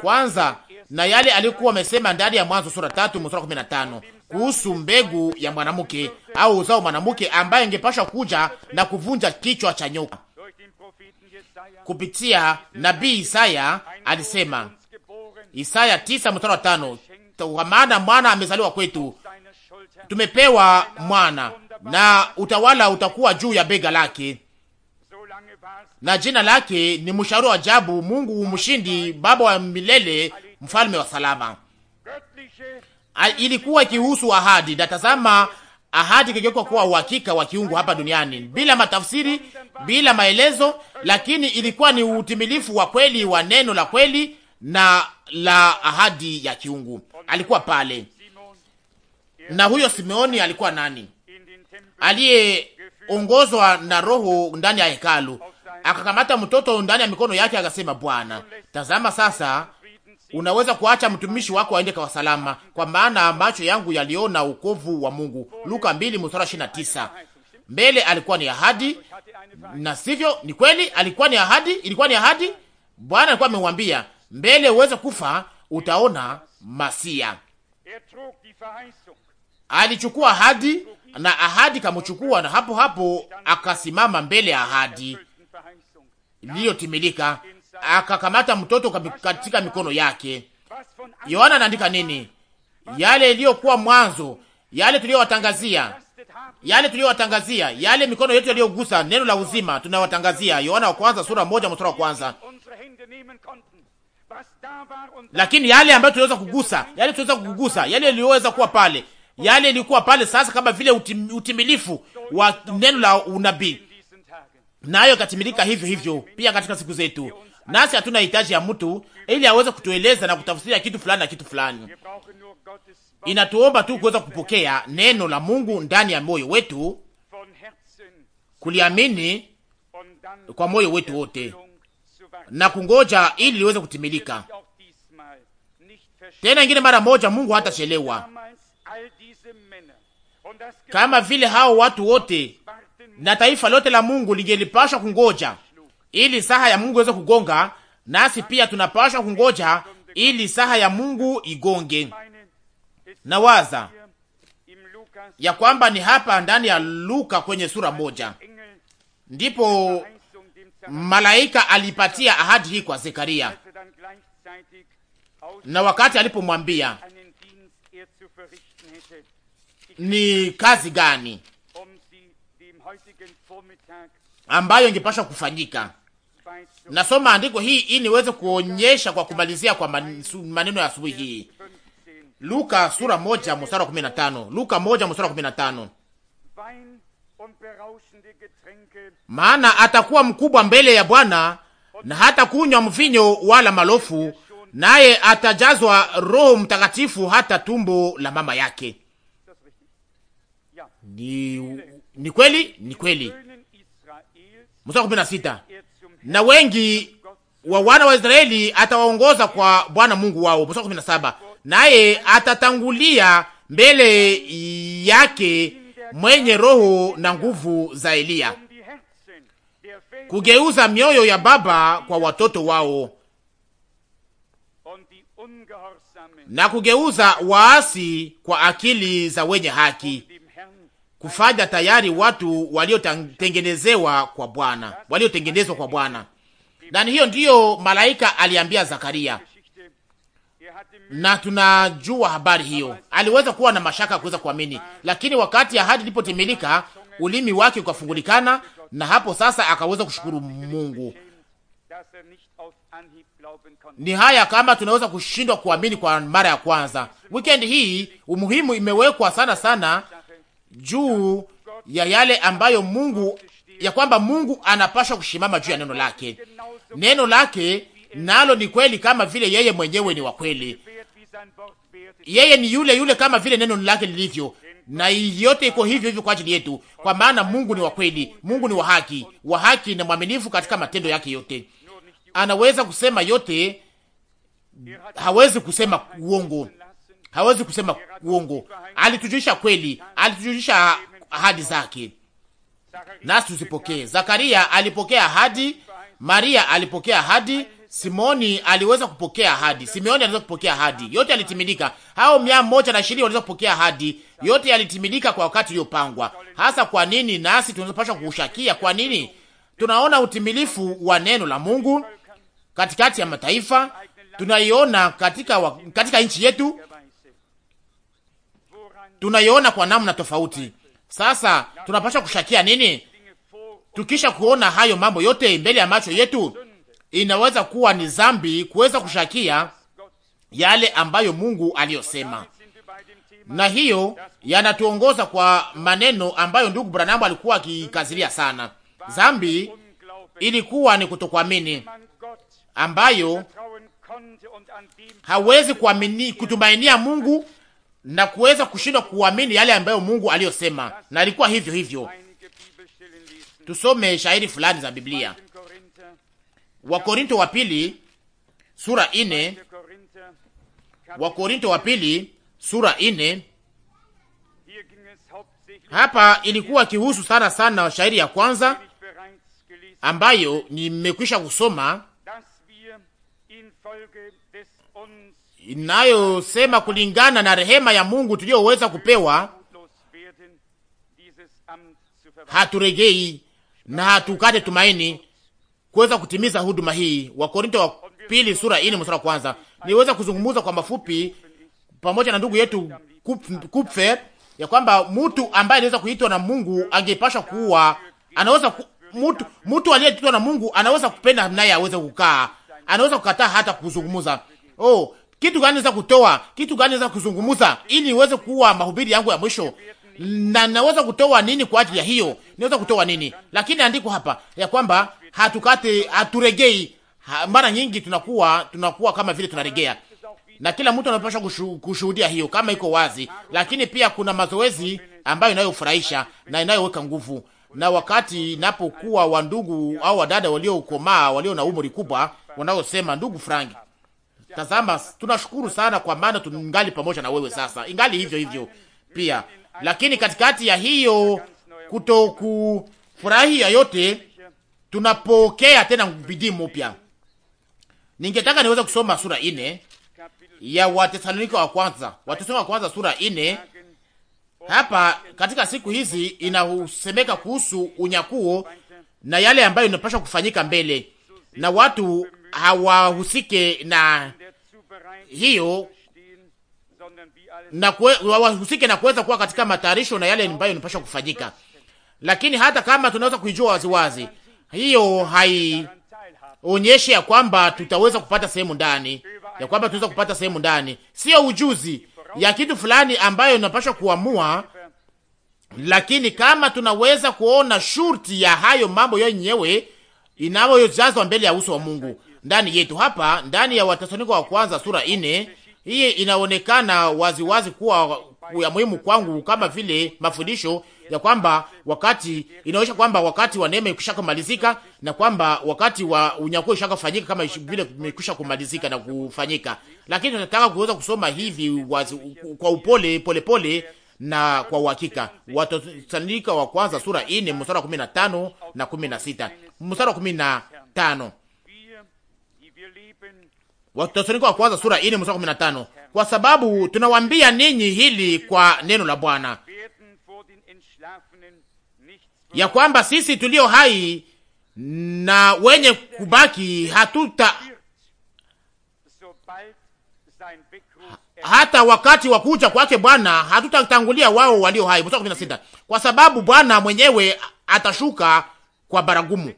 kwanza na yale alikuwa amesema ndani ya Mwanzo sura 3 mstari wa 15 kuhusu mbegu ya mwanamke au uzao mwanamke ambaye ingepashwa kuja na kuvunja kichwa cha nyoka. Kupitia nabii Isaya alisema, Isaya 9:5, kwa maana mwana amezaliwa kwetu, tumepewa mwana, na utawala utakuwa juu ya bega lake, na jina lake ni mshauri wa ajabu, Mungu mshindi, Baba wa milele, mfalme wa salama ilikuwa ikihusu ahadi. Natazama ahadi ikigeuka kuwa uhakika wa kiungu hapa duniani, bila matafsiri, bila maelezo, lakini ilikuwa ni utimilifu wa kweli wa neno la kweli na la ahadi ya kiungu. Alikuwa pale, na huyo Simeoni alikuwa nani? Aliyeongozwa na Roho ndani ya hekalu, akakamata mtoto ndani ya mikono yake, akasema, Bwana, tazama sasa Unaweza kuacha mtumishi wako aende kwa salama, kwa maana macho yangu yaliona ukovu wa Mungu. Luka 2 mstari 29. Mbele alikuwa ni ahadi, na sivyo? Ni kweli alikuwa ni ahadi, ilikuwa ni ahadi. Bwana alikuwa amemwambia mbele uweze kufa utaona Masia. Alichukua ahadi na ahadi kamchukua, na hapo hapo akasimama mbele ya ahadi iliyotimilika akakamata mtoto katika mikono yake. Yohana anaandika nini? Yale iliyokuwa mwanzo, yale tuliyowatangazia, yale tuliyowatangazia, yale mikono yetu yaliyogusa neno la uzima, tunawatangazia. Yohana wa kwanza sura moja mstari wa kwanza. Lakini yale ambayo tuliweza kugusa, yale tuliweza kugusa, yale yaliyoweza kuwa pale, yale ilikuwa pale sasa, kama vile utim, utimilifu wa neno la unabii, nayo katimilika hivyo hivyo pia katika siku zetu nasi hatuna hitaji ya mtu ili aweze kutueleza na kutafsiria kitu fulani na kitu fulani. Inatuomba tu kuweza kupokea neno la Mungu ndani ya moyo wetu, kuliamini kwa moyo wetu wote na kungoja ili liweze kutimilika. Tena ingine mara moja, Mungu hatachelewa kama vile hao watu wote na taifa lote la Mungu lingelipashwa kungoja ili saha ya Mungu iweze kugonga, nasi pia tunapaswa kungoja ili saha ya Mungu igonge. na waza ya kwamba ni hapa ndani ya Luka kwenye sura moja ndipo malaika alipatia ahadi hii kwa Zekaria, na wakati alipomwambia ni kazi gani ambayo ingepaswa kufanyika. Nasoma andiko hii ili niweze kuonyesha kwa kumalizia kwa maneno ya asubuhi hii. Luka sura moja mstari wa tano. Luka moja mstari wa tano. Maana atakuwa mkubwa mbele ya Bwana na hata kunywa mvinyo wala malofu, naye atajazwa Roho Mtakatifu hata tumbo la mama yake. Ni, ni kweli, ni kweli mstari kumi na sita na wengi wa wana wa Israeli atawaongoza kwa Bwana Mungu wao. Mstari kumi na saba naye atatangulia mbele yake mwenye roho na nguvu za Eliya kugeuza mioyo ya baba kwa watoto wao na kugeuza waasi kwa akili za wenye haki kufanya tayari watu waliotengenezewa kwa Bwana, waliotengenezwa kwa Bwana. Na hiyo ndiyo malaika aliambia Zakaria, na tunajua habari hiyo. Aliweza kuwa na mashaka ya kuweza kuamini, lakini wakati ahadi ilipotimilika, ulimi wake ukafungulikana, na hapo sasa akaweza kushukuru Mungu. Ni haya kama tunaweza kushindwa kuamini kwa mara ya kwanza. Wikendi hii umuhimu imewekwa sana sana juu ya yale ambayo Mungu ya kwamba Mungu anapaswa kushimama juu ya neno lake. Neno lake nalo ni kweli kama vile yeye mwenyewe ni wa kweli. Yeye ni yule yule kama vile neno lake lilivyo, na yote iko hivyo hivyo kwa ajili yetu, kwa maana Mungu ni wa kweli, Mungu ni wa haki, wa haki na mwaminifu katika matendo yake yote. Anaweza kusema yote, hawezi kusema uongo hawezi kusema uongo. Alitujulisha kweli, alitujulisha ahadi zake, nasi tuzipokee. Zakaria alipokea ahadi, Maria alipokea ahadi, Simoni aliweza kupokea ahadi, Simeoni aliweza kupokea ahadi, yote yalitimilika. Hao mia moja na ishirini waliweza kupokea ahadi, yote yalitimilika kwa wakati uliopangwa. Hasa kwa nini nasi tunapaswa kuushakia? Kwa nini tunaona utimilifu wa neno la Mungu katikati ya mataifa? Tunaiona katika, katika nchi yetu tunaiona kwa namna tofauti. Sasa tunapaswa kushakia nini? Tukisha kuona hayo mambo yote mbele ya macho yetu, inaweza kuwa ni zambi kuweza kushakia yale ambayo Mungu aliyosema, na hiyo yanatuongoza kwa maneno ambayo ndugu Branamu alikuwa akikazilia sana. Zambi ilikuwa ni kutokuamini ambayo hawezi kuamini kutumainia Mungu na kuweza kushindwa kuamini yale ambayo Mungu aliyosema, na alikuwa hivyo hivyo. Tusome shairi fulani za Biblia, Wakorinto wa pili sura ine, Wakorinto wa pili sura ine. Hapa ilikuwa kihusu sana sana shairi ya kwanza ambayo nimekwisha kusoma inayosema kulingana na rehema ya Mungu tuliyoweza kupewa, haturegei na hatukate tumaini kuweza kutimiza huduma hii. Wakorinto wa pili sura ini mstari wa kwanza. Niweza kuzungumza kwa mafupi pamoja na ndugu yetu Kupfe ya kwamba mtu ambaye anaweza kuitwa na Mungu angepasha kuwa anaweza ku, mtu mtu aliyeitwa na Mungu anaweza kupenda naye aweze kukaa, anaweza kukataa hata kuzungumza. Oh, kitu gani naweza kutoa, kitu gani naweza kuzungumza ili niweze kuwa mahubiri yangu ya mwisho, na naweza kutoa nini kwa ajili ya hiyo, naweza kutoa nini. Lakini andiko hapa ya kwamba hatukate, haturegei. Mara nyingi tunakuwa tunakuwa kama vile tunaregea, na kila mtu anapaswa kushuhudia hiyo kama iko wazi, lakini pia kuna mazoezi ambayo inayofurahisha na inayoweka nguvu na wakati napokuwa wa ndugu au wadada waliokomaa walio na umri kubwa wanaosema, ndugu Frank, Tazama, tunashukuru sana kwa maana tungali pamoja na wewe sasa, ingali hivyo hivyo pia. Lakini katikati ya hiyo ya yote, tunapokea tena bidii mupya Ningetaka niweze kusoma sura ine ya Watesalonika wa kwanza, Watesalonika wa kwanza sura ine. Hapa katika siku hizi inahusemeka kuhusu unyakuo na yale ambayo inapaswa kufanyika mbele, na watu hawahusike na hiyo na wahusike na kuweza kuwa katika matayarisho na yale ambayo inapaswa kufanyika, lakini hata kama tunaweza kuijua waziwazi hiyo haionyeshe ya kwamba tutaweza kupata sehemu ndani ya kwamba tunaweza kupata sehemu ndani, sio ujuzi ya kitu fulani ambayo inapaswa kuamua, lakini kama tunaweza kuona shurti ya hayo mambo yenyewe inayojazwa mbele ya uso wa Mungu ndani yetu. Hapa ndani ya Wathesalonike wa kwanza sura ine, hii inaonekana waziwazi wazi kuwa ya muhimu kwangu kama vile mafundisho ya kwamba wakati inaonyesha kwamba wakati wa neema ikisha kumalizika na kwamba wakati wa unyakuo ishaka kufanyika kama vile imekwisha kumalizika na kufanyika, lakini tunataka kuweza kusoma hivi wazi, kwa upole pole pole na kwa uhakika. Wathesalonike wa kwanza sura ine mstari wa 15 na 16, mstari wa 15 Wathesalonike wa kwanza sura ine mstari kumi Kwa sababu tunawaambia ninyi hili kwa neno la Bwana ya kwamba sisi tulio hai na wenye kubaki hatuta hata wakati wa kuja kwake Bwana hatutatangulia wao walio hai. Mstari 16 Kwa sababu Bwana mwenyewe atashuka kwa baragumu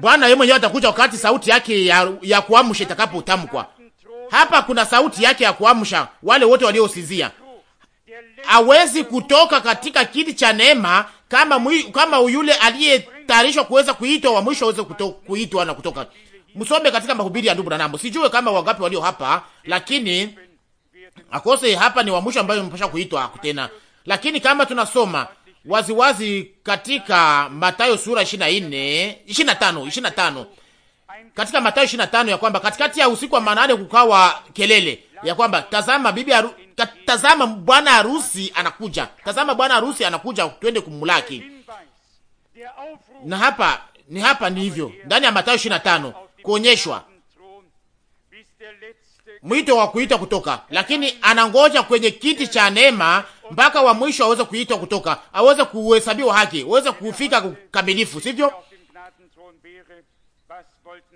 Bwana yeye mwenyewe atakuja wakati sauti yake ya, ya kuamsha itakapotamkwa. Hapa kuna sauti yake ya kuamsha wale wote waliosinzia. Hawezi kutoka katika kiti cha neema kama mwi, kama yule aliyetayarishwa kuweza kuitwa wa mwisho aweze kuitwa na kutoka. Msome katika mahubiri ya ndugu Branham. Sijue kama wangapi walio hapa, lakini akose hapa ni wa mwisho ambao mpasha kuitwa tena. Lakini kama tunasoma waziwazi katika Mathayo sura 24 25 25 katika Mathayo 25 ya kwamba katikati ya usiku wa manane kukawa kelele ya kwamba tazama bibi haru, tazama bwana harusi anakuja, tazama bwana harusi anakuja, twende kumulaki. Na hapa ni hapa ni hivyo ndani ya Mathayo 25 kuonyeshwa mwito wa kuita kutoka, lakini anangoja kwenye kiti cha neema mpaka wa mwisho aweze kuitwa kutoka, aweze kuhesabiwa haki, aweze kufika kukamilifu, sivyo?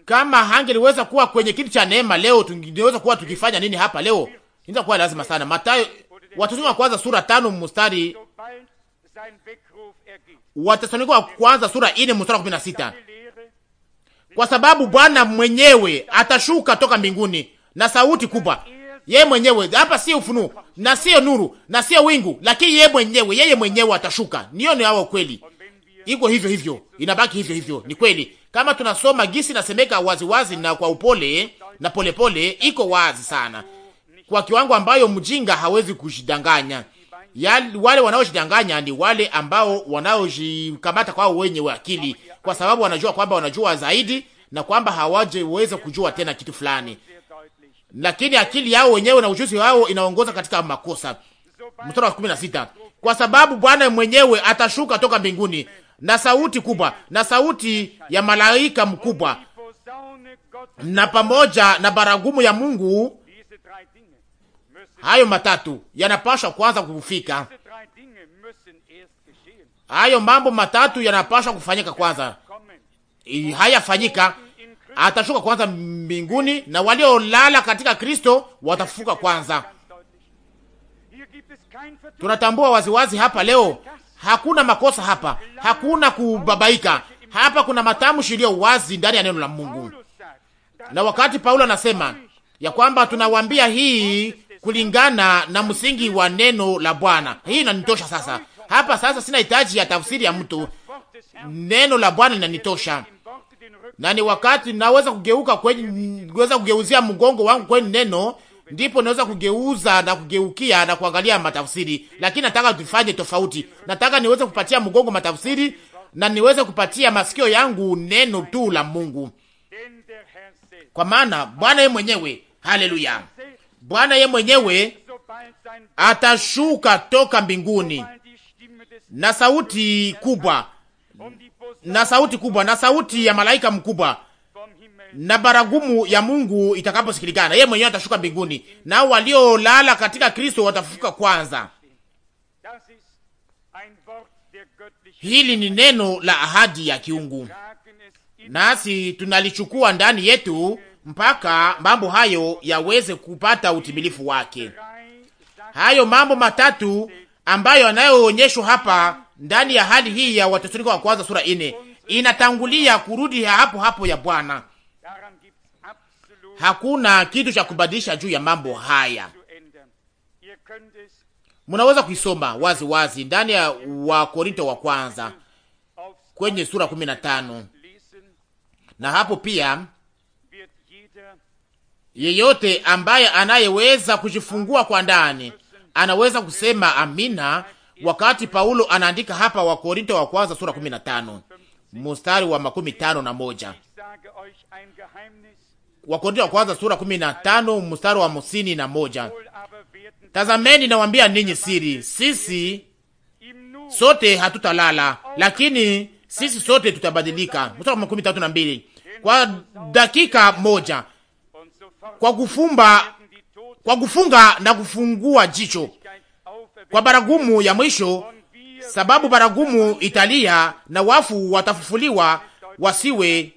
Kama hangeliweza kuwa kwenye kiti cha neema leo, tungeweza kuwa tukifanya nini hapa leo? Inaweza kuwa lazima sana. Mathayo, Wathesalonike wa kwanza sura tano mstari Wathesalonike wa kwanza sura ine mstari kumi na sita kwa sababu Bwana mwenyewe atashuka toka mbinguni na sauti kubwa ye mwenyewe hapa, sio ufunuo na sio nuru na sio wingu, lakini ye mwenyewe, yeye mwenyewe atashuka. Niyo ni hao kweli, iko hivyo hivyo, inabaki hivyo hivyo. Ni kweli kama tunasoma gisi nasemeka wazi wazi na kwa upole na polepole pole, iko wazi sana kwa kiwango ambayo mjinga hawezi kujidanganya. Yali, wale wanaojidanganya ni wale ambao wanaojikamata kwao wenyewe akili, kwa sababu wanajua kwamba wanajua zaidi na kwamba hawajeweza kujua tena kitu fulani lakini akili yao wenyewe na ujuzi wao inaongoza katika makosa. Mstari wa sita kwa sababu Bwana mwenyewe atashuka toka mbinguni na sauti kubwa na sauti ya malaika mkubwa na pamoja na baragumu ya Mungu. Hayo matatu yanapashwa kwanza kufika. Hayo mambo matatu yanapashwa kufanyika kwanza, hayafanyika atashuka kwanza mbinguni, na waliolala katika Kristo watafuka kwanza. Tunatambua waziwazi hapa leo, hakuna makosa hapa, hakuna kubabaika hapa, kuna matamshi iliyo wazi ndani ya neno la Mungu. Na wakati Paulo anasema ya kwamba tunawaambia hii kulingana na msingi wa neno la Bwana, hii inanitosha sasa. Hapa sasa sina hitaji ya tafsiri ya mtu, neno la Bwana linanitosha na ni wakati naweza kugeuka kwenye naweza kugeuzia mgongo wangu kwenye neno, ndipo naweza kugeuza na kugeukia na kuangalia matafsiri. Lakini nataka tufanye tofauti, nataka niweze kupatia mgongo matafsiri na niweze kupatia masikio yangu neno tu la Mungu, kwa maana Bwana yeye mwenyewe, haleluya, Bwana yeye mwenyewe atashuka toka mbinguni na sauti kubwa na sauti kubwa na sauti ya malaika mkubwa na baragumu ya Mungu itakaposikilikana, yeye mwenyewe atashuka mbinguni, nao waliolala katika Kristo watafufuka kwanza. Hili ni neno la ahadi ya kiungu, nasi tunalichukua ndani yetu mpaka mambo hayo yaweze kupata utimilifu wake. Hayo mambo matatu ambayo yanayoonyeshwa hapa ndani ya hali hii ya Wathesalonike wa kwanza sura ine inatangulia kurudi hapo hapo ya Bwana. Hakuna kitu cha kubadilisha juu ya mambo haya. Munaweza kuisoma wazi wazi ndani ya Wakorinto wa kwanza kwenye sura 15 na hapo pia yeyote ambaye anayeweza kujifungua kwa ndani anaweza kusema amina wakati Paulo anaandika hapa wa Korinto wa kwanza sura 15 mstari wa makumi tano na moja. Wa Korinto wa kwanza sura 15 mstari wa hamsini na moja. Tazameni, nawambia ninyi siri, sisi sote hatutalala, lakini sisi sote tutabadilika. Mstari wa makumi tatu na mbili. Kwa dakika moja, kwa kufumba, kwa kufunga na kufungua jicho kwa baragumu ya mwisho, sababu baragumu italia na wafu watafufuliwa wasiwe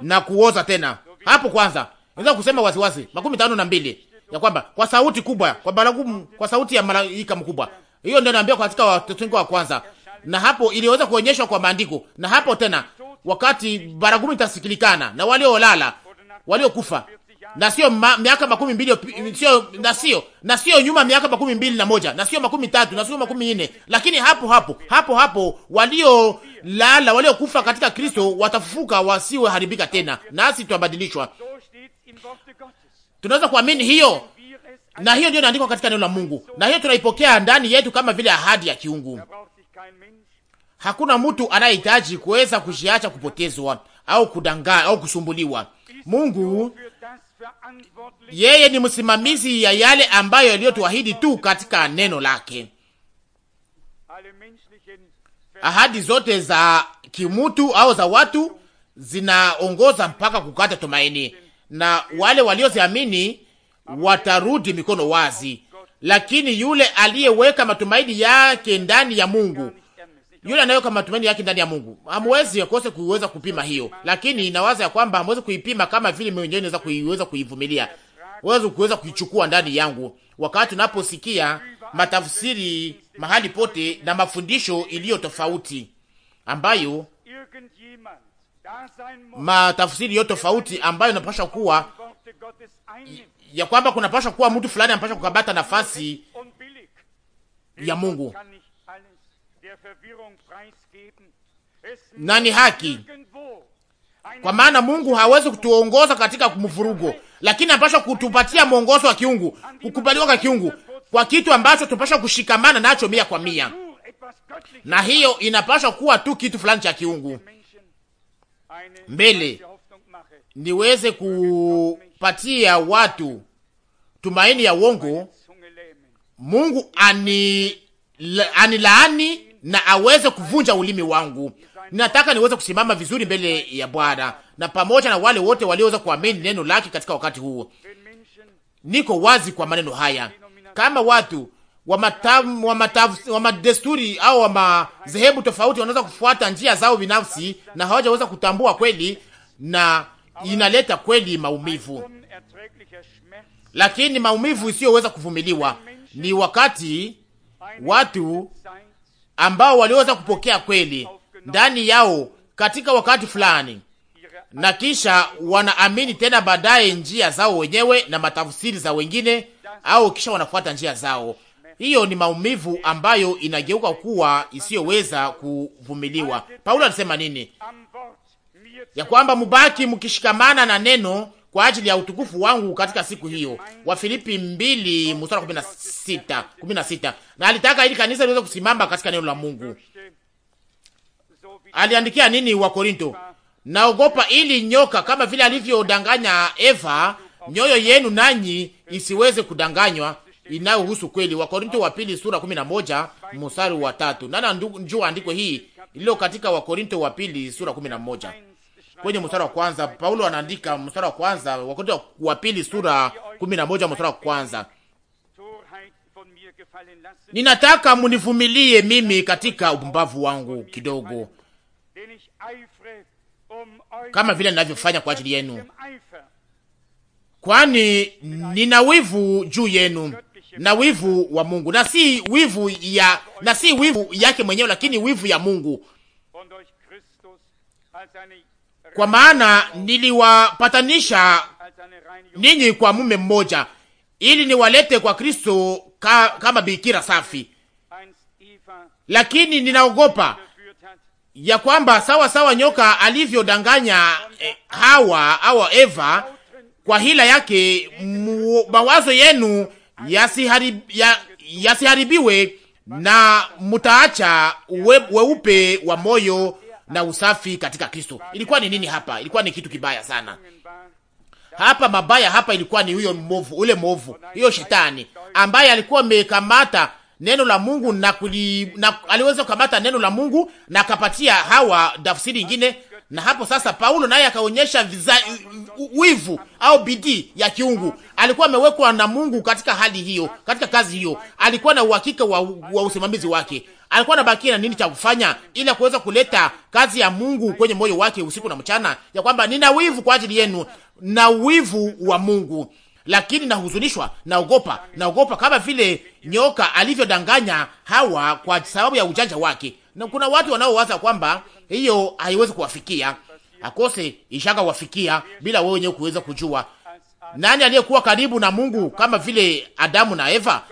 na kuoza tena. Hapo kwanza naweza kusema waziwazi makumi tano na mbili ya kwamba kwa sauti kubwa, kwa baragumu, kwa sauti ya malaika mkubwa. Hiyo ndio naambia katika Wathesalonike wa kwanza, na hapo iliweza kuonyeshwa kwa maandiko. Na hapo tena wakati baragumu itasikilikana na waliolala waliokufa na sio miaka makumi mbili sio na sio na sio nyuma miaka makumi mbili na moja na sio makumi tatu na sio makumi nne lakini hapo hapo hapo hapo walio lala walio kufa katika Kristo watafufuka wasiwe haribika tena, nasi tuabadilishwa Tunaweza kuamini hiyo, na hiyo ndio inaandikwa katika neno la Mungu, na hiyo tunaipokea ndani yetu kama vile ahadi ya kiungu. Hakuna mtu anayehitaji kuweza kujiacha kupotezwa au kudangaa au kusumbuliwa. Mungu yeye ni msimamizi ya yale ambayo yaliyotuahidi tu katika neno lake. Ahadi zote za kimutu au za watu zinaongoza mpaka kukata tumaini, na wale walioziamini watarudi mikono wazi, lakini yule aliyeweka matumaini yake ndani ya Mungu yule anayeweka matumaini yake ndani ya Mungu. Hamwezi akose kuiweza kupima hiyo, lakini inawaza ya kwamba hamwezi kuipima kama vile mimi mwenyewe naweza kuiweza kuivumilia, wezi kuweza kuichukua ndani yangu, wakati unaposikia matafsiri mahali pote na mafundisho iliyo tofauti ambayo matafsiri yo tofauti ambayo inapasha kuwa ya kwamba kunapasha kuwa mtu fulani anapasha kukabata nafasi ya Mungu na ni haki, kwa maana Mungu hawezi kutuongoza katika mvurugo, lakini anapasha kutupatia mwongozo wa kiungu, kukubaliwa kwa kiungu, kwa kitu ambacho tunapasha kushikamana nacho mia kwa mia, na hiyo inapasha kuwa tu kitu fulani cha kiungu mbele niweze kupatia watu tumaini ya uongo. Mungu anilaani ani na aweze kuvunja ulimi wangu. Ninataka niweze kusimama vizuri mbele ya Bwana na pamoja na wale wote walioweza kuamini neno lake katika wakati huu. Niko wazi kwa maneno haya. Kama watu wa matam, wa, matav, wa madesturi au wa madhehebu tofauti wanaweza kufuata njia zao binafsi na hawajaweza kutambua kweli, na inaleta kweli maumivu, lakini maumivu isiyoweza kuvumiliwa. Ni wakati watu ambao waliweza kupokea kweli ndani yao katika wakati fulani, na kisha wanaamini tena baadaye njia zao wenyewe na matafsiri za wengine, au kisha wanafuata njia zao. Hiyo ni maumivu ambayo inageuka kuwa isiyoweza kuvumiliwa. Paulo anasema nini? Ya kwamba mubaki mkishikamana na neno kwa ajili ya utukufu wangu katika siku hiyo, Wafilipi 2 mstari 16 16. Na alitaka ili kanisa liweze kusimama katika neno la Mungu. Aliandikia nini wa Korinto? Naogopa ili nyoka kama vile alivyodanganya Eva, nyoyo yenu nanyi isiweze kudanganywa inayohusu kweli. Wa Korinto wa pili sura 11 mstari wa 3. Nana njua andiko hii iliyo katika Wa Korinto wa pili sura 11 kwenye mstari wa kwanza. Paulo anaandika mstari wa kwanza, Wakorintho wa pili sura 11 mstari wa kwanza, ninataka munivumilie mimi katika upumbavu wangu kidogo, kama vile ninavyofanya kwa ajili yenu, kwani nina wivu juu yenu na wivu wa Mungu, na si wivu ya na si wivu yake mwenyewe, lakini wivu ya Mungu kwa maana niliwapatanisha ninyi kwa mume mmoja, ili niwalete kwa Kristo ka, kama bikira safi. Lakini ninaogopa ya kwamba sawa sawa nyoka alivyodanganya eh, Hawa au Eva kwa hila yake, mawazo yenu yasiharibiwe yasi na mutaacha we, weupe wa moyo na usafi katika Kristo. Ilikuwa ni nini hapa? Ilikuwa ni kitu kibaya sana hapa, mabaya hapa, ilikuwa ni huyo mwovu, ule mwovu, hiyo shetani ambaye alikuwa amekamata neno la Mungu na, kuli, na aliweza kukamata neno la Mungu na akapatia Hawa tafsiri nyingine, na hapo sasa Paulo naye akaonyesha wivu au bidii ya kiungu. Alikuwa amewekwa na Mungu katika hali hiyo, katika kazi hiyo, alikuwa na uhakika wa, wa usimamizi wake, alikuwa anabakia na nini cha kufanya ili kuweza kuleta kazi ya Mungu kwenye moyo wake usiku na mchana, ya kwamba nina wivu kwa ajili yenu na wivu wa Mungu, lakini nahuzunishwa, naogopa, naogopa kama vile nyoka alivyodanganya Hawa kwa sababu ya ujanja wake. Na kuna watu wanaowaza kwamba hiyo haiwezi kuwafikia, akose ishaka wafikia bila wewe wenyewe kuweza kujua. Nani aliyekuwa karibu na Mungu kama vile Adamu na Eva?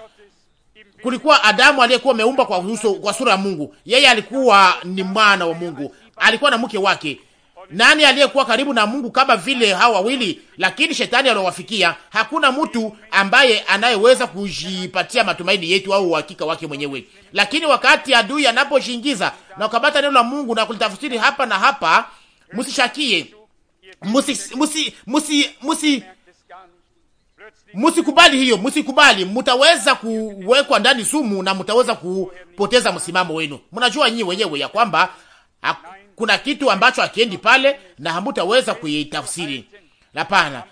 Kulikuwa Adamu aliyekuwa ameumba kwa uso kwa sura ya Mungu, yeye alikuwa ni mwana wa Mungu, alikuwa na mke wake. Nani aliyekuwa karibu na Mungu kama vile hawa wawili? Lakini shetani aliowafikia, hakuna mtu ambaye anayeweza kujipatia matumaini yetu au uhakika wake mwenyewe. Lakini wakati adui anapojiingiza na ukabata neno la Mungu na kulitafsiri hapa na hapa, msishakie, msi msi msi Musikubali hiyo, musikubali. Mutaweza kuwekwa ndani sumu na mutaweza kupoteza msimamo wenu. Mnajua nyinyi wenyewe ya kwamba kuna kitu ambacho hakiendi pale na hamutaweza kuitafsiri. Hapana,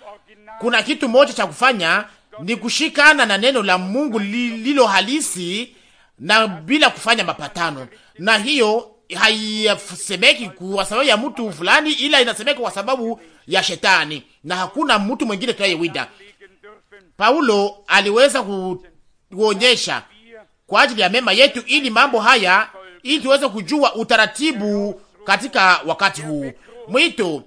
kuna kitu moja cha kufanya ni kushikana na neno la Mungu lilo halisi na bila kufanya mapatano, na hiyo haisemeki kwa sababu ya mtu fulani, ila inasemeka kwa sababu ya shetani, na hakuna mtu mwingine tunayewida Paulo aliweza kuonyesha kwa ajili ya mema yetu, ili mambo haya, ili tuweze kujua utaratibu katika wakati huu. Mwito,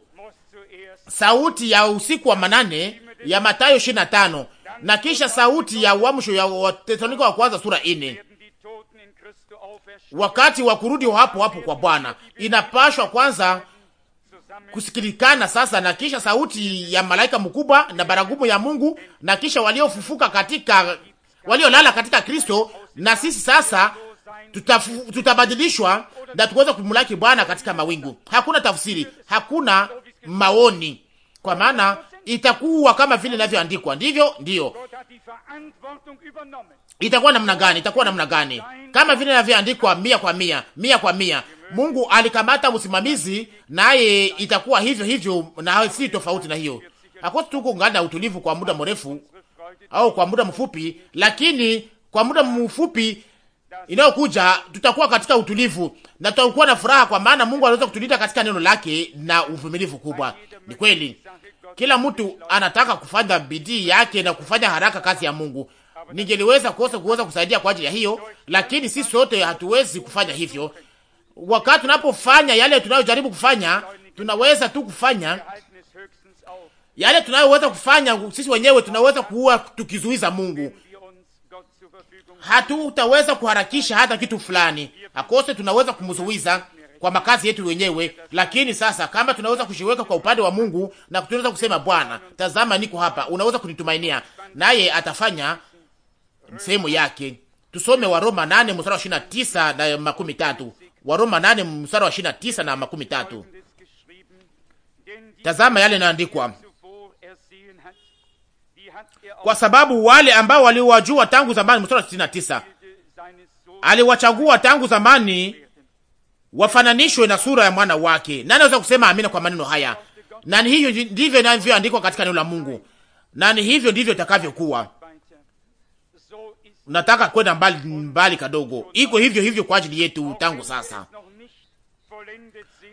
sauti ya usiku wa manane ya Mathayo 25 na kisha sauti ya uamsho ya Wathesalonika wa kwanza sura ine, wakati wa kurudi hapo hapo kwa Bwana inapashwa kwanza kusikilikana sasa, na kisha sauti ya malaika mkubwa na baragumu ya Mungu, na kisha waliofufuka katika waliolala katika Kristo, na sisi sasa tutafu, tutabadilishwa na tuweze kumlaki Bwana katika mawingu. Hakuna tafsiri, hakuna maoni, kwa maana itakuwa kama vile inavyoandikwa. Ndivyo, ndiyo itakuwa namna gani? Itakuwa namna gani? Kama vile inavyoandikwa mia kwa mia, mia kwa mia, Mungu alikamata msimamizi, naye itakuwa hivyo hivyo, na si tofauti na hiyo. Hakosi tuko kuungana utulivu kwa muda mrefu au kwa muda mfupi, lakini kwa muda mfupi inayokuja tutakuwa katika utulivu na tutakuwa na furaha, kwa maana Mungu anaweza kutulinda katika neno lake na uvumilivu kubwa. Ni kweli, kila mtu anataka kufanya bidii yake na kufanya haraka kazi ya Mungu. Ningeliweza kuosa kuweza kusaidia kwa ajili ya hiyo, lakini si sote hatuwezi kufanya hivyo wakati tunapofanya yale tunayojaribu kufanya, tunaweza tu kufanya yale tunayoweza kufanya sisi wenyewe, tunaweza kuua tukizuiza Mungu. Hatutaweza kuharakisha hata kitu fulani akose, tunaweza kumzuiza kwa makazi yetu wenyewe. Lakini sasa kama tunaweza kushiweka kwa upande wa Mungu na tunaweza kusema, Bwana, tazama niko hapa, unaweza kunitumainia, naye atafanya sehemu yake. Tusome Waroma 8 mstari wa 29 na 13. Waroma nane mstari wa ishirini na tisa na makumi tatu. Tazama yale inayoandikwa kwa sababu wale ambao waliwajua tangu zamani, mstari wa sitini na tisa, aliwachagua tangu zamani wafananishwe na sura ya mwana wake. Nani aweza kusema amina kwa maneno haya? Nani, hiyo ndivyo inavyoandikwa katika neno la Mungu, nani, hivyo ndivyo itakavyokuwa. Unataka kwenda mbali mbali kadogo, iko hivyo hivyo kwa ajili yetu tangu sasa,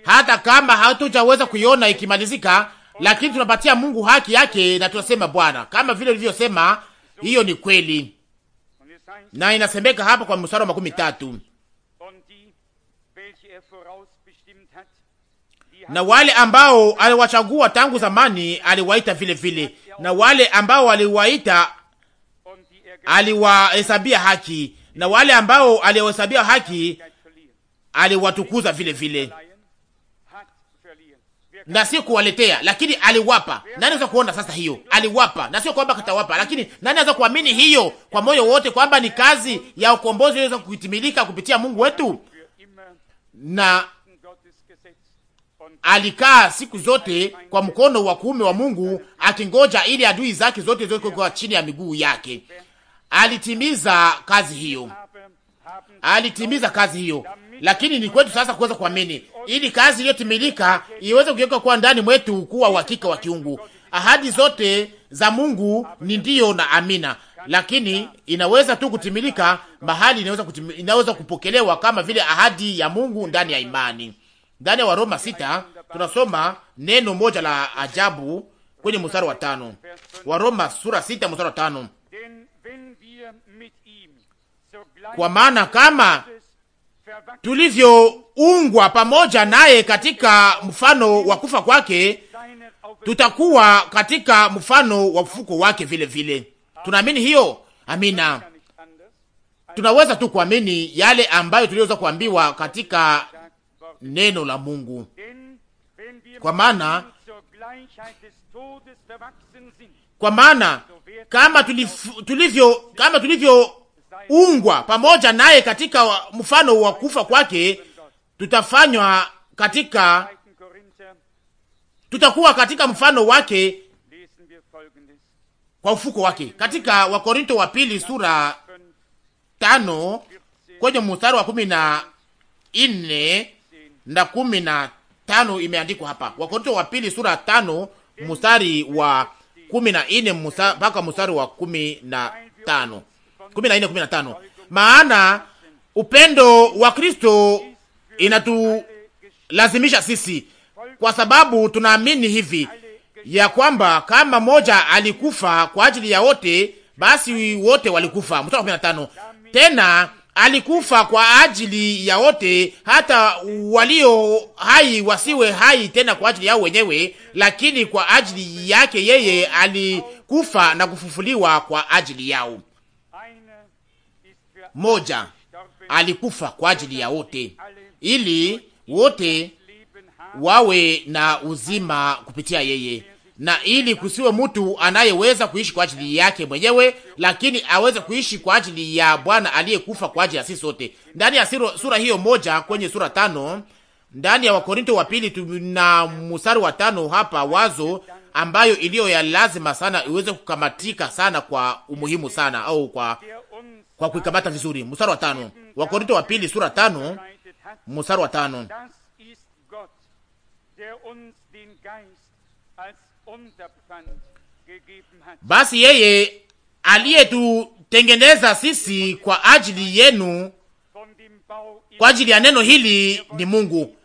hata kama hatujaweza kuiona ikimalizika, lakini tunapatia Mungu haki yake na tunasema Bwana, kama vile ulivyosema, hiyo ni kweli. Na inasemeka hapa kwa mstari wa makumi tatu na wale ambao aliwachagua tangu zamani aliwaita vile vile, na wale ambao aliwaita aliwahesabia haki, na wale ambao aliwahesabia haki aliwatukuza vile vile, na si kuwaletea, lakini aliwapa. Nani anaweza kuona sasa hiyo? Aliwapa, na sio kwamba katawapa, lakini nani anaweza kuamini hiyo kwa moyo wote kwamba ni kazi ya ukombozi inaweza kutimilika kupitia Mungu wetu? Na alikaa siku zote kwa mkono wa kuume wa Mungu akingoja ili adui zake zote zote kwa chini ya miguu yake alitimiza kazi hiyo, alitimiza kazi hiyo. Lakini ni kwetu sasa kuweza kuamini ili kazi iliyotimilika iweze kugeuka kuwa ndani mwetu kuwa uhakika wa kiungu. Ahadi zote za Mungu ni ndiyo na amina, lakini inaweza tu kutimilika mahali inaweza, kutim, inaweza kupokelewa kama vile ahadi ya Mungu ndani ya imani. Ndani ya Waroma sita tunasoma neno moja la ajabu kwenye mstari wa tano. Waroma sura sita mstari wa tano. Kwa maana kama tulivyoungwa pamoja naye katika mfano wa kufa kwake, tutakuwa katika mfano wa ufuko wake vile vile. Tunaamini hiyo? Amina. Tunaweza tu kuamini yale ambayo tuliweza kuambiwa katika neno la Mungu, kwa maana kwa maana kama tulivyo kama tulivyo ungwa pamoja naye katika mfano wa kufa kwake, tutafanywa katika, tutakuwa katika mfano wake kwa ufuko wake. Katika Wakorinto wa pili sura tano kwenye mstari wa kumi na nne na kumi na tano imeandikwa hapa. Wakorinto wa pili sura tano mstari wa kumi na nne mpaka mstari wa kumi na tano. 14 Maana upendo wa Kristo inatulazimisha sisi, kwa sababu tunaamini hivi ya kwamba kama moja alikufa kwa ajili ya wote, basi wote walikufa. Mstari 15 tena alikufa kwa ajili ya wote, hata walio hai wasiwe hai tena kwa ajili yao wenyewe, lakini kwa ajili yake yeye alikufa na kufufuliwa kwa ajili yao moja alikufa kwa ajili ya wote, ili wote wawe na uzima kupitia yeye, na ili kusiwe mtu anayeweza kuishi kwa ajili yake mwenyewe, lakini aweze kuishi kwa ajili ya Bwana aliyekufa kwa ajili ya sisi sote. Ndani ya sura hiyo moja kwenye sura tano ndani ya Wakorinto wa pili tuna mstari wa tano hapa wazo ambayo iliyo ya lazima sana iweze kukamatika sana kwa umuhimu sana au kwa kwa kuikamata vizuri. Mstari wa tano wa Korinto wa pili sura tano mstari wa tano basi yeye aliyetutengeneza sisi kwa ajili yenu, kwa ajili ya neno hili ni Mungu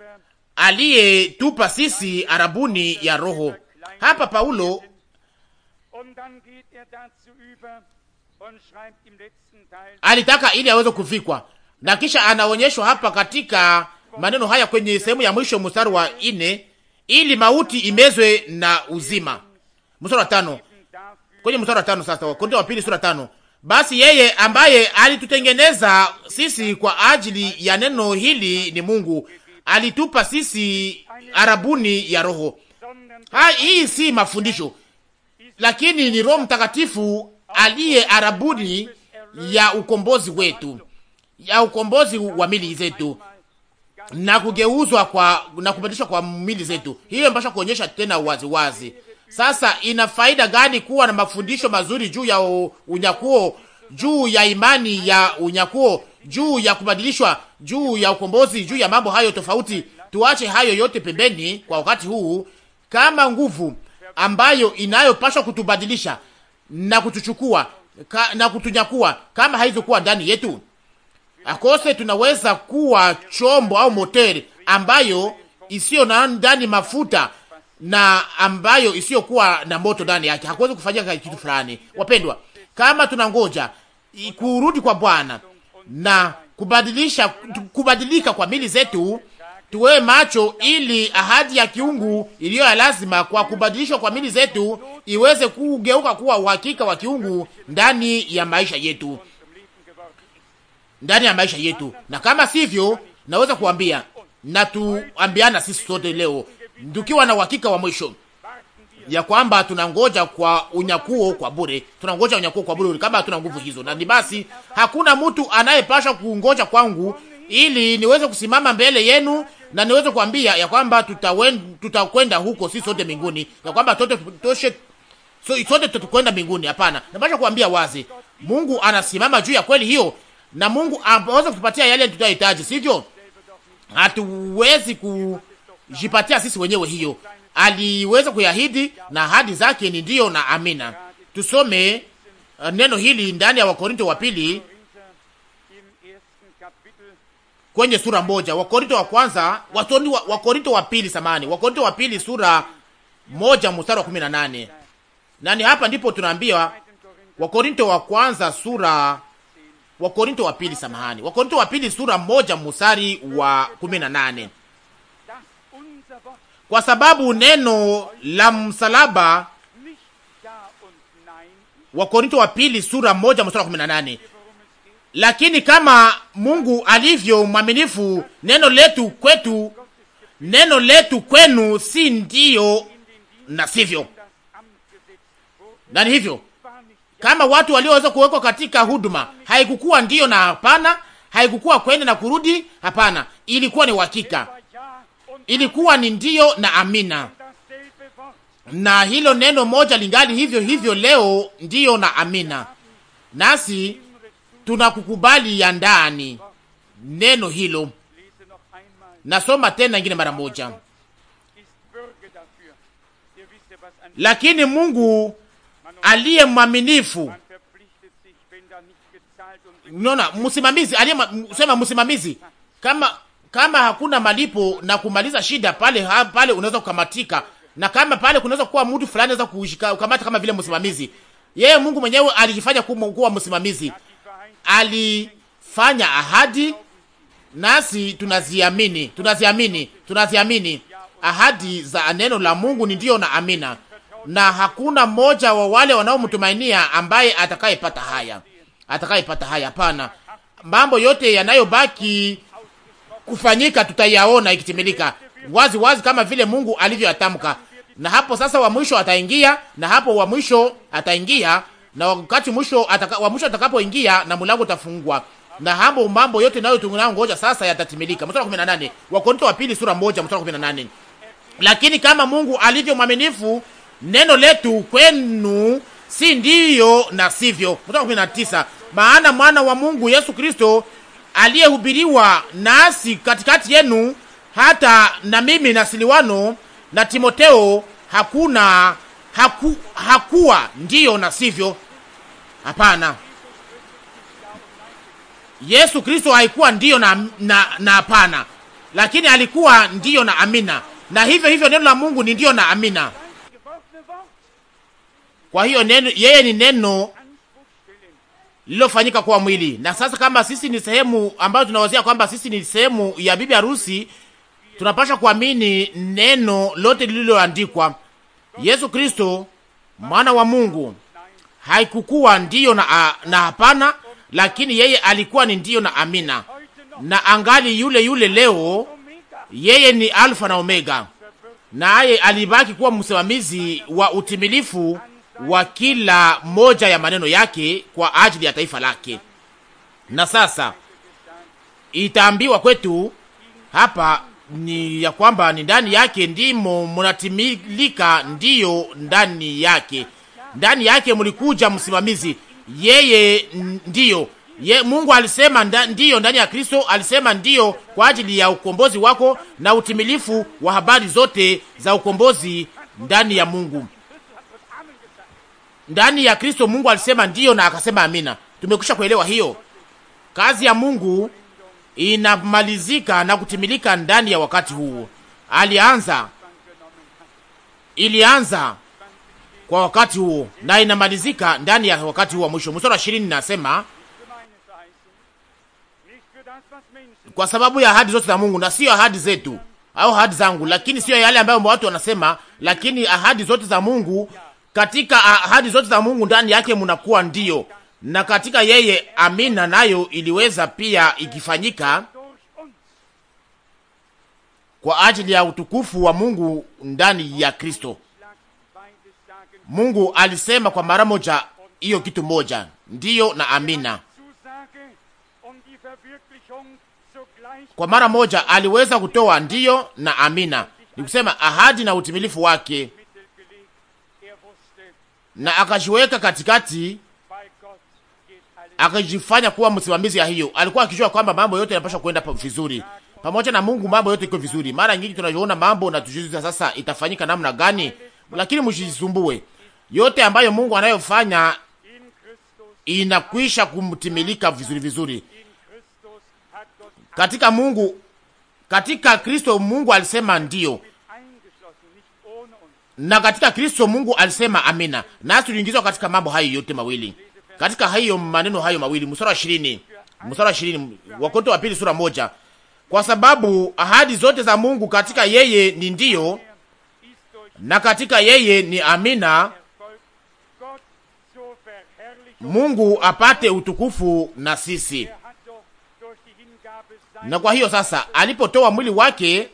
aliyetupa sisi arabuni ya Roho. Hapa Paulo alitaka ili aweze kuvikwa, na kisha anaonyeshwa hapa katika maneno haya kwenye sehemu ya mwisho mstari wa ine, ili mauti imezwe na uzima. Mstari wa tano kwenye mstari wa tano sasa, Wakorintho wa pili sura tano. Basi yeye ambaye alitutengeneza sisi kwa ajili ya neno hili ni Mungu, alitupa sisi arabuni ya Roho. Ha, hii si mafundisho, lakini ni Roho Mtakatifu aliye arabuni ya ukombozi wetu, ya ukombozi wa mili zetu na kugeuzwa kwa na kubadilishwa kwa mili zetu. Hiyo mpasha kuonyesha tena wazi wazi. Sasa ina faida gani kuwa na mafundisho mazuri juu ya unyakuo, juu ya imani ya unyakuo, juu ya kubadilishwa, juu ya ukombozi, juu ya mambo hayo tofauti? Tuache hayo yote pembeni kwa wakati huu, kama nguvu ambayo inayopashwa kutubadilisha na kutuchukua ka, na kutunyakuwa kama haizokuwa ndani yetu, akose tunaweza kuwa chombo au moteri ambayo isiyo na ndani mafuta na ambayo isiyokuwa na moto ndani yake, hakuwezi kufanyika kitu fulani. Wapendwa, kama tunangoja kurudi kwa Bwana na kubadilisha kubadilika kwa mili zetu tuwewe macho ili ahadi ya kiungu iliyo ya lazima kwa kubadilishwa kwa mili zetu iweze kugeuka kuwa uhakika wa kiungu ndani ya maisha yetu, ndani ya maisha yetu. Na kama sivyo, naweza kuambia na tuambiana sisi sote leo, tukiwa na uhakika wa mwisho ya kwamba tunangoja kwa unyakuo kwa bure, tunangoja unyakuo kwa bure kama hatuna nguvu hizo. Na ni basi, hakuna mtu anayepasha kungoja kwangu ili niweze kusimama mbele yenu na niweze kuambia ya kwamba tutakwenda huko, si sote mbinguni, ya kwamba tote toshe, so, sote tutakwenda mbinguni. Hapana, napasha kuambia wazi, Mungu anasimama juu ya kweli hiyo, na Mungu anaweza kutupatia yale tunayohitaji, sivyo? Hatuwezi kujipatia sisi wenyewe hiyo. Aliweza kuyahidi na ahadi zake ni ndiyo na amina. Tusome uh, neno hili ndani ya Wakorinto wa pili kwenye sura moja. Wakorinto wa kwanza, wasoni wa, Wakorinto wa pili samani. Wakorinto wa pili sura moja mstari wa 18. Nani hapa ndipo tunaambiwa Wakorinto wa kwanza sura Wakorinto wa pili samahani. Wakorinto wa pili sura moja mstari wa 18. Kwa sababu neno la msalaba Wakorinto wa pili sura moja mstari wa 18. Lakini kama Mungu alivyo mwaminifu, neno letu kwetu, neno letu kwenu si ndiyo na sivyo. nani hivyo kama watu walioweza kuwekwa katika huduma, haikukuwa ndiyo na hapana, haikukuwa kwenda na kurudi, hapana, ilikuwa ni uhakika, ilikuwa ni ndiyo na amina. Na hilo neno moja lingali hivyo hivyo leo, ndiyo na amina. Nasi tunakukubali ya ndani neno hilo. Nasoma tena ingine mara moja, lakini Mungu aliye mwaminifu Unaona, msimamizi sema msimamizi, kama kama hakuna malipo na kumaliza shida pale ha, pale unaweza kukamatika, na kama pale kunaweza kuwa mtu fulani anaweza kushika kama vile msimamizi. Yeye Mungu mwenyewe alijifanya kuwa msimamizi, alifanya ahadi nasi tunaziamini, tunaziamini, tunaziamini. Ahadi za neno la Mungu ni ndiyo na amina, na hakuna mmoja wa wale wanaomtumainia ambaye atakayepata haya, atakayepata haya. Hapana, mambo yote yanayobaki kufanyika tutayaona ikitimilika wazi wazi kama vile Mungu alivyoyatamka. Na hapo sasa wa mwisho ataingia, na hapo wa mwisho ataingia na wakati mwisho wa mwisho atakapoingia na mlango utafungwa na hambo mambo yote nayo ngoja sasa yatatimilika. Mstari wa 18 Wakorintho wa pili sura moja mstari wa 18. Lakini kama Mungu alivyo mwaminifu, neno letu kwenu si ndiyo na sivyo. Mstari wa 19 maana mwana wa Mungu Yesu Kristo aliyehubiriwa nasi katikati yenu, hata na mimi na Siliwano na Timoteo, hakuna haku, hakuwa ndiyo na sivyo. Hapana, Yesu Kristo haikuwa ndiyo na na hapana, lakini alikuwa ndiyo na amina, na hivyo hivyo neno la Mungu ni ndiyo na amina. Kwa hiyo neno, yeye ni neno lililofanyika kuwa mwili. Na sasa kama sisi ni sehemu ambayo tunawazia kwamba sisi ni sehemu ya bibi harusi, tunapasha kuamini neno lote lililoandikwa Yesu Kristo mwana wa Mungu haikukuwa ndiyo na, na hapana, lakini yeye alikuwa ni ndiyo na amina, na angali yule yule leo. Yeye ni Alfa na Omega, naye alibaki kuwa msimamizi wa utimilifu wa kila moja ya maneno yake kwa ajili ya taifa lake. Na sasa itaambiwa kwetu hapa ni ya kwamba ni ndani yake ndimo mnatimilika, ndiyo ndani yake, ndani yake mlikuja msimamizi, yeye ndiyo Ye, Mungu alisema nda, ndiyo ndani ya Kristo alisema ndiyo kwa ajili ya ukombozi wako na utimilifu wa habari zote za ukombozi ndani ya Mungu. Ndani ya Kristo Mungu alisema ndiyo na akasema amina. Tumekwisha kuelewa hiyo. Kazi ya Mungu inamalizika na kutimilika ndani ya wakati huu. Alianza, ilianza kwa wakati huu na inamalizika ndani ya wakati huu wa mwisho. Mstari wa ishirini nasema kwa sababu ya ahadi zote za Mungu na sio ahadi zetu au ahadi zangu, lakini sio yale ambayo watu wanasema, lakini ahadi zote za Mungu. Katika ahadi zote za Mungu ndani yake mnakuwa ndio na katika yeye amina nayo iliweza pia ikifanyika kwa ajili ya utukufu wa Mungu ndani ya Kristo. Mungu alisema kwa mara moja hiyo kitu moja, ndiyo na amina. Kwa mara moja aliweza kutoa ndiyo na amina, ni kusema ahadi na utimilifu wake, na akajiweka katikati akajifanya kuwa msimamizi ya hiyo. Alikuwa akijua kwamba mambo yote yanapaswa kwenda vizuri pamoja na Mungu, mambo yote iko vizuri. Mara nyingi tunaona mambo na tujiuliza sasa itafanyika namna gani, lakini msijisumbue, yote ambayo Mungu anayofanya inakwisha kumtimilika vizuri vizuri katika Mungu, katika Kristo. Mungu alisema ndiyo, na katika Kristo Mungu alisema amina, nasi tuliingizwa katika mambo hayo yote mawili katika hayo maneno hayo mawili, mstari wa 20, mstari wa 20 Wakorintho wa pili sura moja, kwa sababu ahadi zote za Mungu katika yeye ni ndiyo na katika yeye ni amina, Mungu apate utukufu na sisi. Na kwa hiyo sasa, alipotoa mwili wake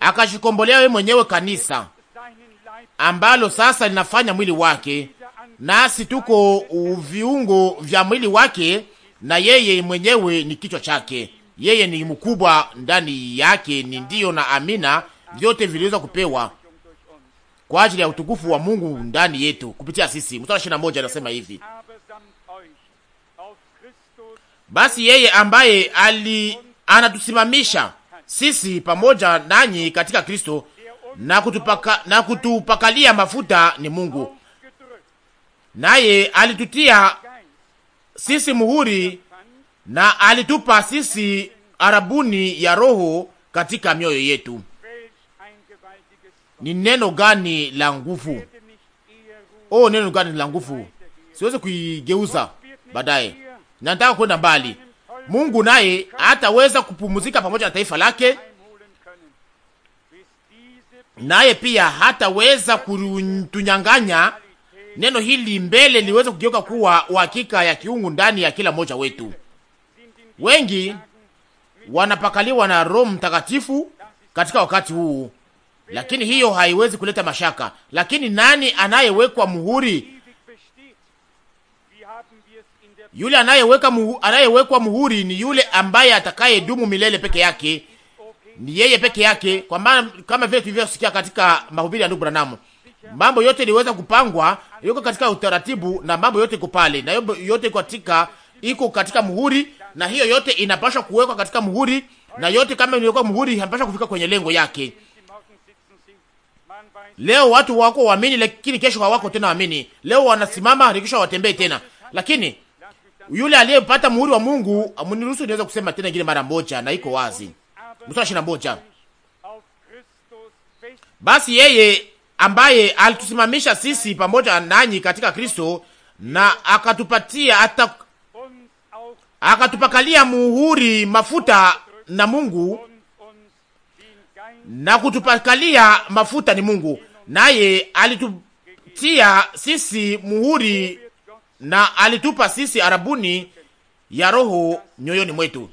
akajikombolea yeye mwenyewe kanisa ambalo sasa linafanya mwili wake nasi tuko viungo vya mwili wake, na yeye mwenyewe ni kichwa chake. Yeye ni mkubwa, ndani yake ni ndiyo na amina, vyote viliweza kupewa kwa ajili ya utukufu wa Mungu ndani yetu kupitia sisi. Mstari ishirini na moja anasema hivi: basi yeye ambaye ali anatusimamisha sisi pamoja nanyi katika Kristo na kutupaka, na kutupakalia mafuta ni Mungu naye alitutia sisi muhuri na alitupa sisi arabuni ya Roho katika mioyo yetu. Ni neno gani la nguvu! Oh, neno gani la nguvu! Siwezi kuigeuza baadaye, nataka kwenda mbali. Mungu naye hataweza kupumzika pamoja na taifa lake, naye pia hataweza kutunyang'anya neno hili mbele liweze kugeuka kuwa uhakika ya kiungu ndani ya kila mmoja wetu. Wengi wanapakaliwa na Roho Mtakatifu katika wakati huu, lakini hiyo haiwezi kuleta mashaka. Lakini nani anayewekwa muhuri? Yule anayeweka muhu, anayewekwa muhuri ni yule ambaye atakayedumu milele peke yake, ni yeye peke yake, kwa maana kama vile tulivyosikia katika mahubiri ya ndugu Branamu, Mambo yote iliweza kupangwa, yuko katika utaratibu na mambo yote iko pale, na yote katika iko katika muhuri, na hiyo yote inapaswa kuwekwa katika muhuri, na yote kama iliwekwa muhuri inapaswa kufika kwenye lengo yake. Leo watu wako waamini, lakini kesho hawako tena waamini. Leo wanasimama, kisha watembee tena, lakini yule aliyepata muhuri wa Mungu amniruhusu niweza kusema tena ingine mara moja, na iko wazi mstari ishirini na moja basi yeye ambaye alitusimamisha sisi pamoja nanyi katika Kristo na akatupatia ata, akatupakalia muhuri mafuta na Mungu na kutupakalia mafuta ni Mungu, naye alitutia sisi muhuri na alitupa sisi arabuni ya Roho nyoyoni mwetu.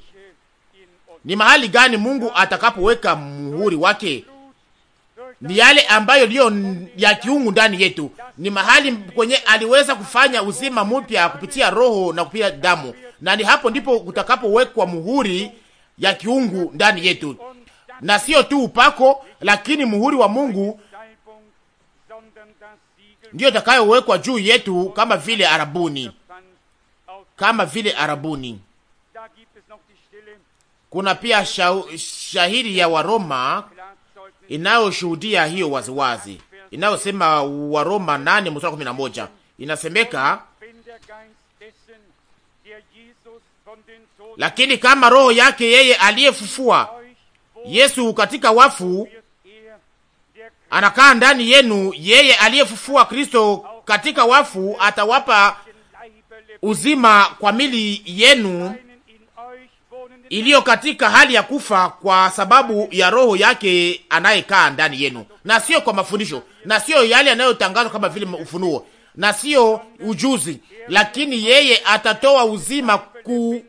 Ni mahali gani Mungu atakapoweka muhuri wake? ni yale ambayo liyo ya kiungu ndani yetu, ni mahali kwenye aliweza kufanya uzima mpya kupitia roho na kupitia damu, na ni hapo ndipo kutakapowekwa muhuri ya kiungu ndani yetu, na sio tu upako, lakini muhuri wa Mungu ndiyo itakayowekwa juu yetu, kama vile arabuni, kama vile arabuni. Kuna pia shahiri ya Waroma inayoshuhudia hiyo waziwazi, inayosema Waroma 8 mstari kumi na moja inasemeka lakini kama roho yake yeye aliyefufua Yesu katika wafu anakaa ndani yenu, yeye aliyefufua Kristo katika wafu atawapa uzima kwa mili yenu iliyo katika hali ya kufa kwa sababu ya roho yake anayekaa ndani yenu, na sio kwa mafundisho, na sio yale yanayotangazwa kama vile ufunuo, na sio ujuzi, lakini yeye atatoa uzima ku,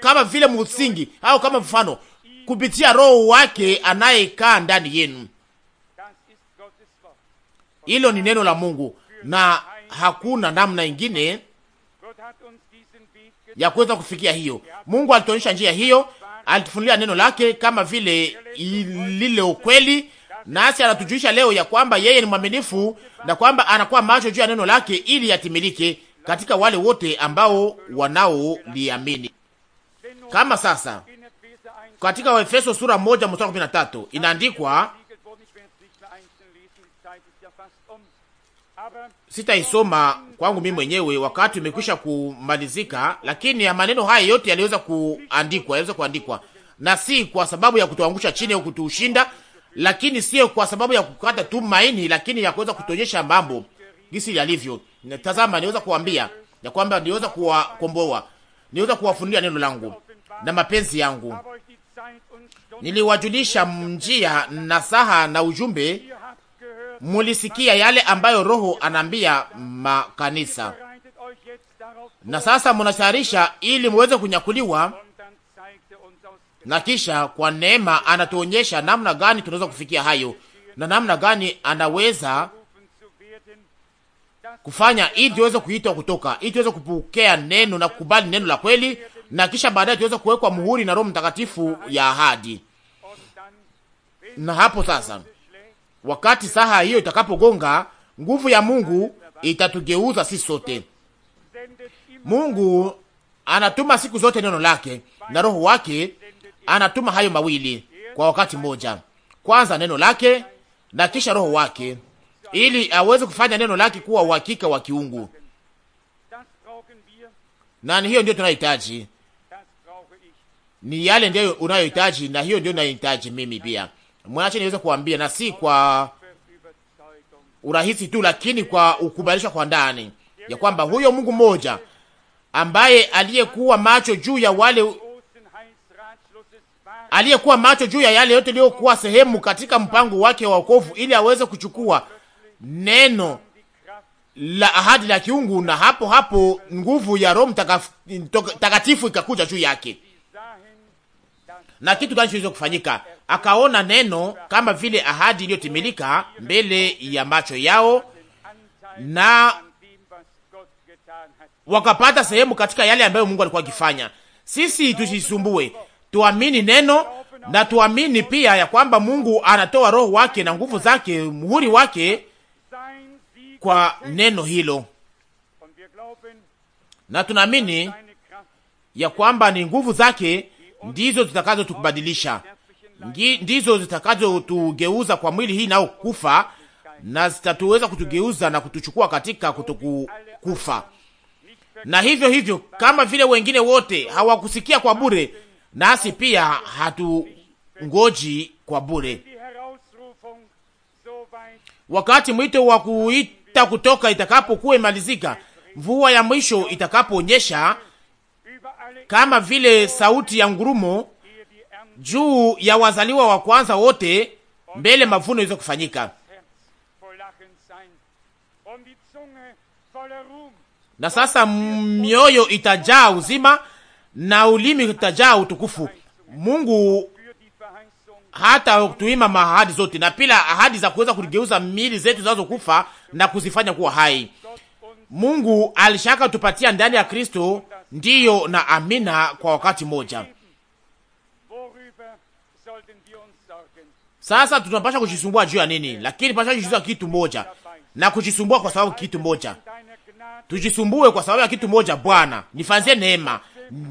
kama vile msingi au kama mfano kupitia roho wake anayekaa ndani yenu. Hilo ni neno la Mungu na hakuna namna ingine ya kuweza kufikia hiyo. Mungu alituonyesha njia hiyo, alitufunulia neno lake kama vile lile ukweli, nasi anatujulisha leo ya kwamba yeye ni mwaminifu na kwamba anakuwa macho juu ya neno lake ili yatimilike katika wale wote ambao wanaoliamini. Kama sasa katika Waefeso sura moja mstari wa 13 inaandikwa sitaisoma kwangu mimi mwenyewe, wakati umekwisha kumalizika, lakini ya maneno haya yote yaliweza kuandikwa, yaliweza kuandikwa, na si kwa sababu ya kutuangusha chini au kutushinda, lakini sio kwa sababu ya kukata tumaini, lakini ya kuweza kutuonyesha mambo jinsi yalivyo. Tazama, niweza kuambia ya kwamba niweza kuwakomboa, niweza kuwafundia neno langu na mapenzi yangu. Niliwajulisha njia, saha na ujumbe mulisikia yale ambayo Roho anaambia makanisa, na sasa munatayarisha ili muweze kunyakuliwa, na kisha kwa neema anatuonyesha namna gani tunaweza kufikia hayo na namna gani anaweza kufanya ili tuweze kuitwa kutoka, ili tuweze kupokea neno na kukubali neno la kweli, na kisha baadaye tuweze kuwekwa muhuri na Roho Mtakatifu ya ahadi. Na hapo sasa wakati saha hiyo itakapogonga, nguvu ya Mungu itatugeuza sisi sote. Mungu anatuma siku zote neno lake na roho wake anatuma hayo mawili kwa wakati mmoja, kwanza neno lake na kisha roho wake, ili aweze kufanya neno lake kuwa uhakika wa kiungu. Na hiyo ndio tunahitaji, ni yale ndio unayohitaji, na hiyo ndio ninayohitaji mimi pia. Mwache niweze kuambia, na si kwa urahisi tu, lakini kwa ukubalishwa kwa ndani ya kwamba huyo Mungu mmoja ambaye aliyekuwa macho juu ya wale aliyekuwa macho juu ya yale yote iliyokuwa sehemu katika mpango wake wa wokovu, ili aweze kuchukua neno la ahadi la kiungu, na hapo hapo nguvu ya Roho Mtakatifu ikakuja juu yake na kitu gani kiweze kufanyika. Akaona neno kama vile ahadi iliyotimilika mbele ya macho yao, na wakapata sehemu katika yale ambayo Mungu alikuwa akifanya. Sisi tusisumbue, tuamini neno na tuamini pia ya kwamba Mungu anatoa roho wake na nguvu zake, muhuri wake kwa neno hilo, na tunaamini ya kwamba ni nguvu zake ndizo tukubadilisha, ndizo zitakazotugeuza kwa mwili hii nao kufa, na zitatuweza kutugeuza na kutuchukua katika kutokufa. Na hivyo hivyo, kama vile wengine wote hawakusikia kwa bure, nasi pia hatungoji kwa bure. Wakati mwito wa kuita kutoka itakapokuwa imalizika, mvua ya mwisho itakaponyesha kama vile sauti ya ngurumo juu ya wazaliwa wa kwanza wote mbele mavuno iweze kufanyika, na sasa mioyo itajaa uzima na ulimi utajaa utukufu. Mungu hata tuima mahadi zote na pila ahadi za kuweza kuligeuza mili zetu zinazokufa na kuzifanya kuwa hai. Mungu alishaka tupatia ndani ya Kristo ndiyo na amina kwa wakati moja. Sasa tunapasha kujisumbua juu ya nini? Lakini pasha kujisumbua kitu moja na kujisumbua kwa sababu kitu moja, tujisumbue kwa sababu ya kitu moja. Bwana, nifanzie neema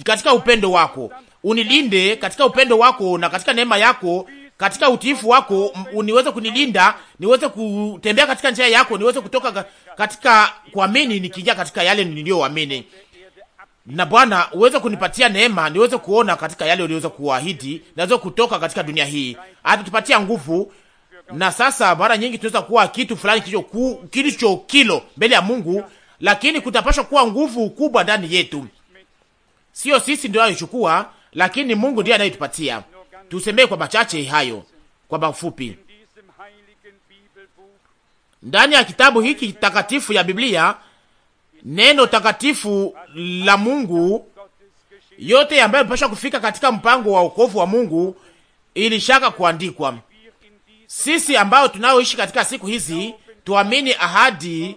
katika upendo wako, unilinde katika upendo wako na katika neema yako, katika utiifu wako uniweze kunilinda, niweze kutembea katika njia yako, niweze kutoka katika kuamini nikiingia katika yale niliyoamini na Bwana uweze kunipatia neema niweze kuona katika yale uliweza kuahidi, naweza kutoka katika dunia hii, atatupatia nguvu. Na sasa mara nyingi tunaweza kuwa kitu fulani kilicho kilo mbele ya Mungu, lakini kutapashwa kuwa nguvu kubwa ndani yetu, sio sisi ndio ayochukua, lakini Mungu ndiye anayetupatia. Tusemee kwa machache hayo, kwa mafupi, ndani ya kitabu hiki takatifu ya Biblia neno takatifu la Mungu, yote ambayo pasha kufika katika mpango wa wokovu wa Mungu ilishaka kuandikwa. Sisi ambao tunaoishi katika siku hizi tuamini ahadi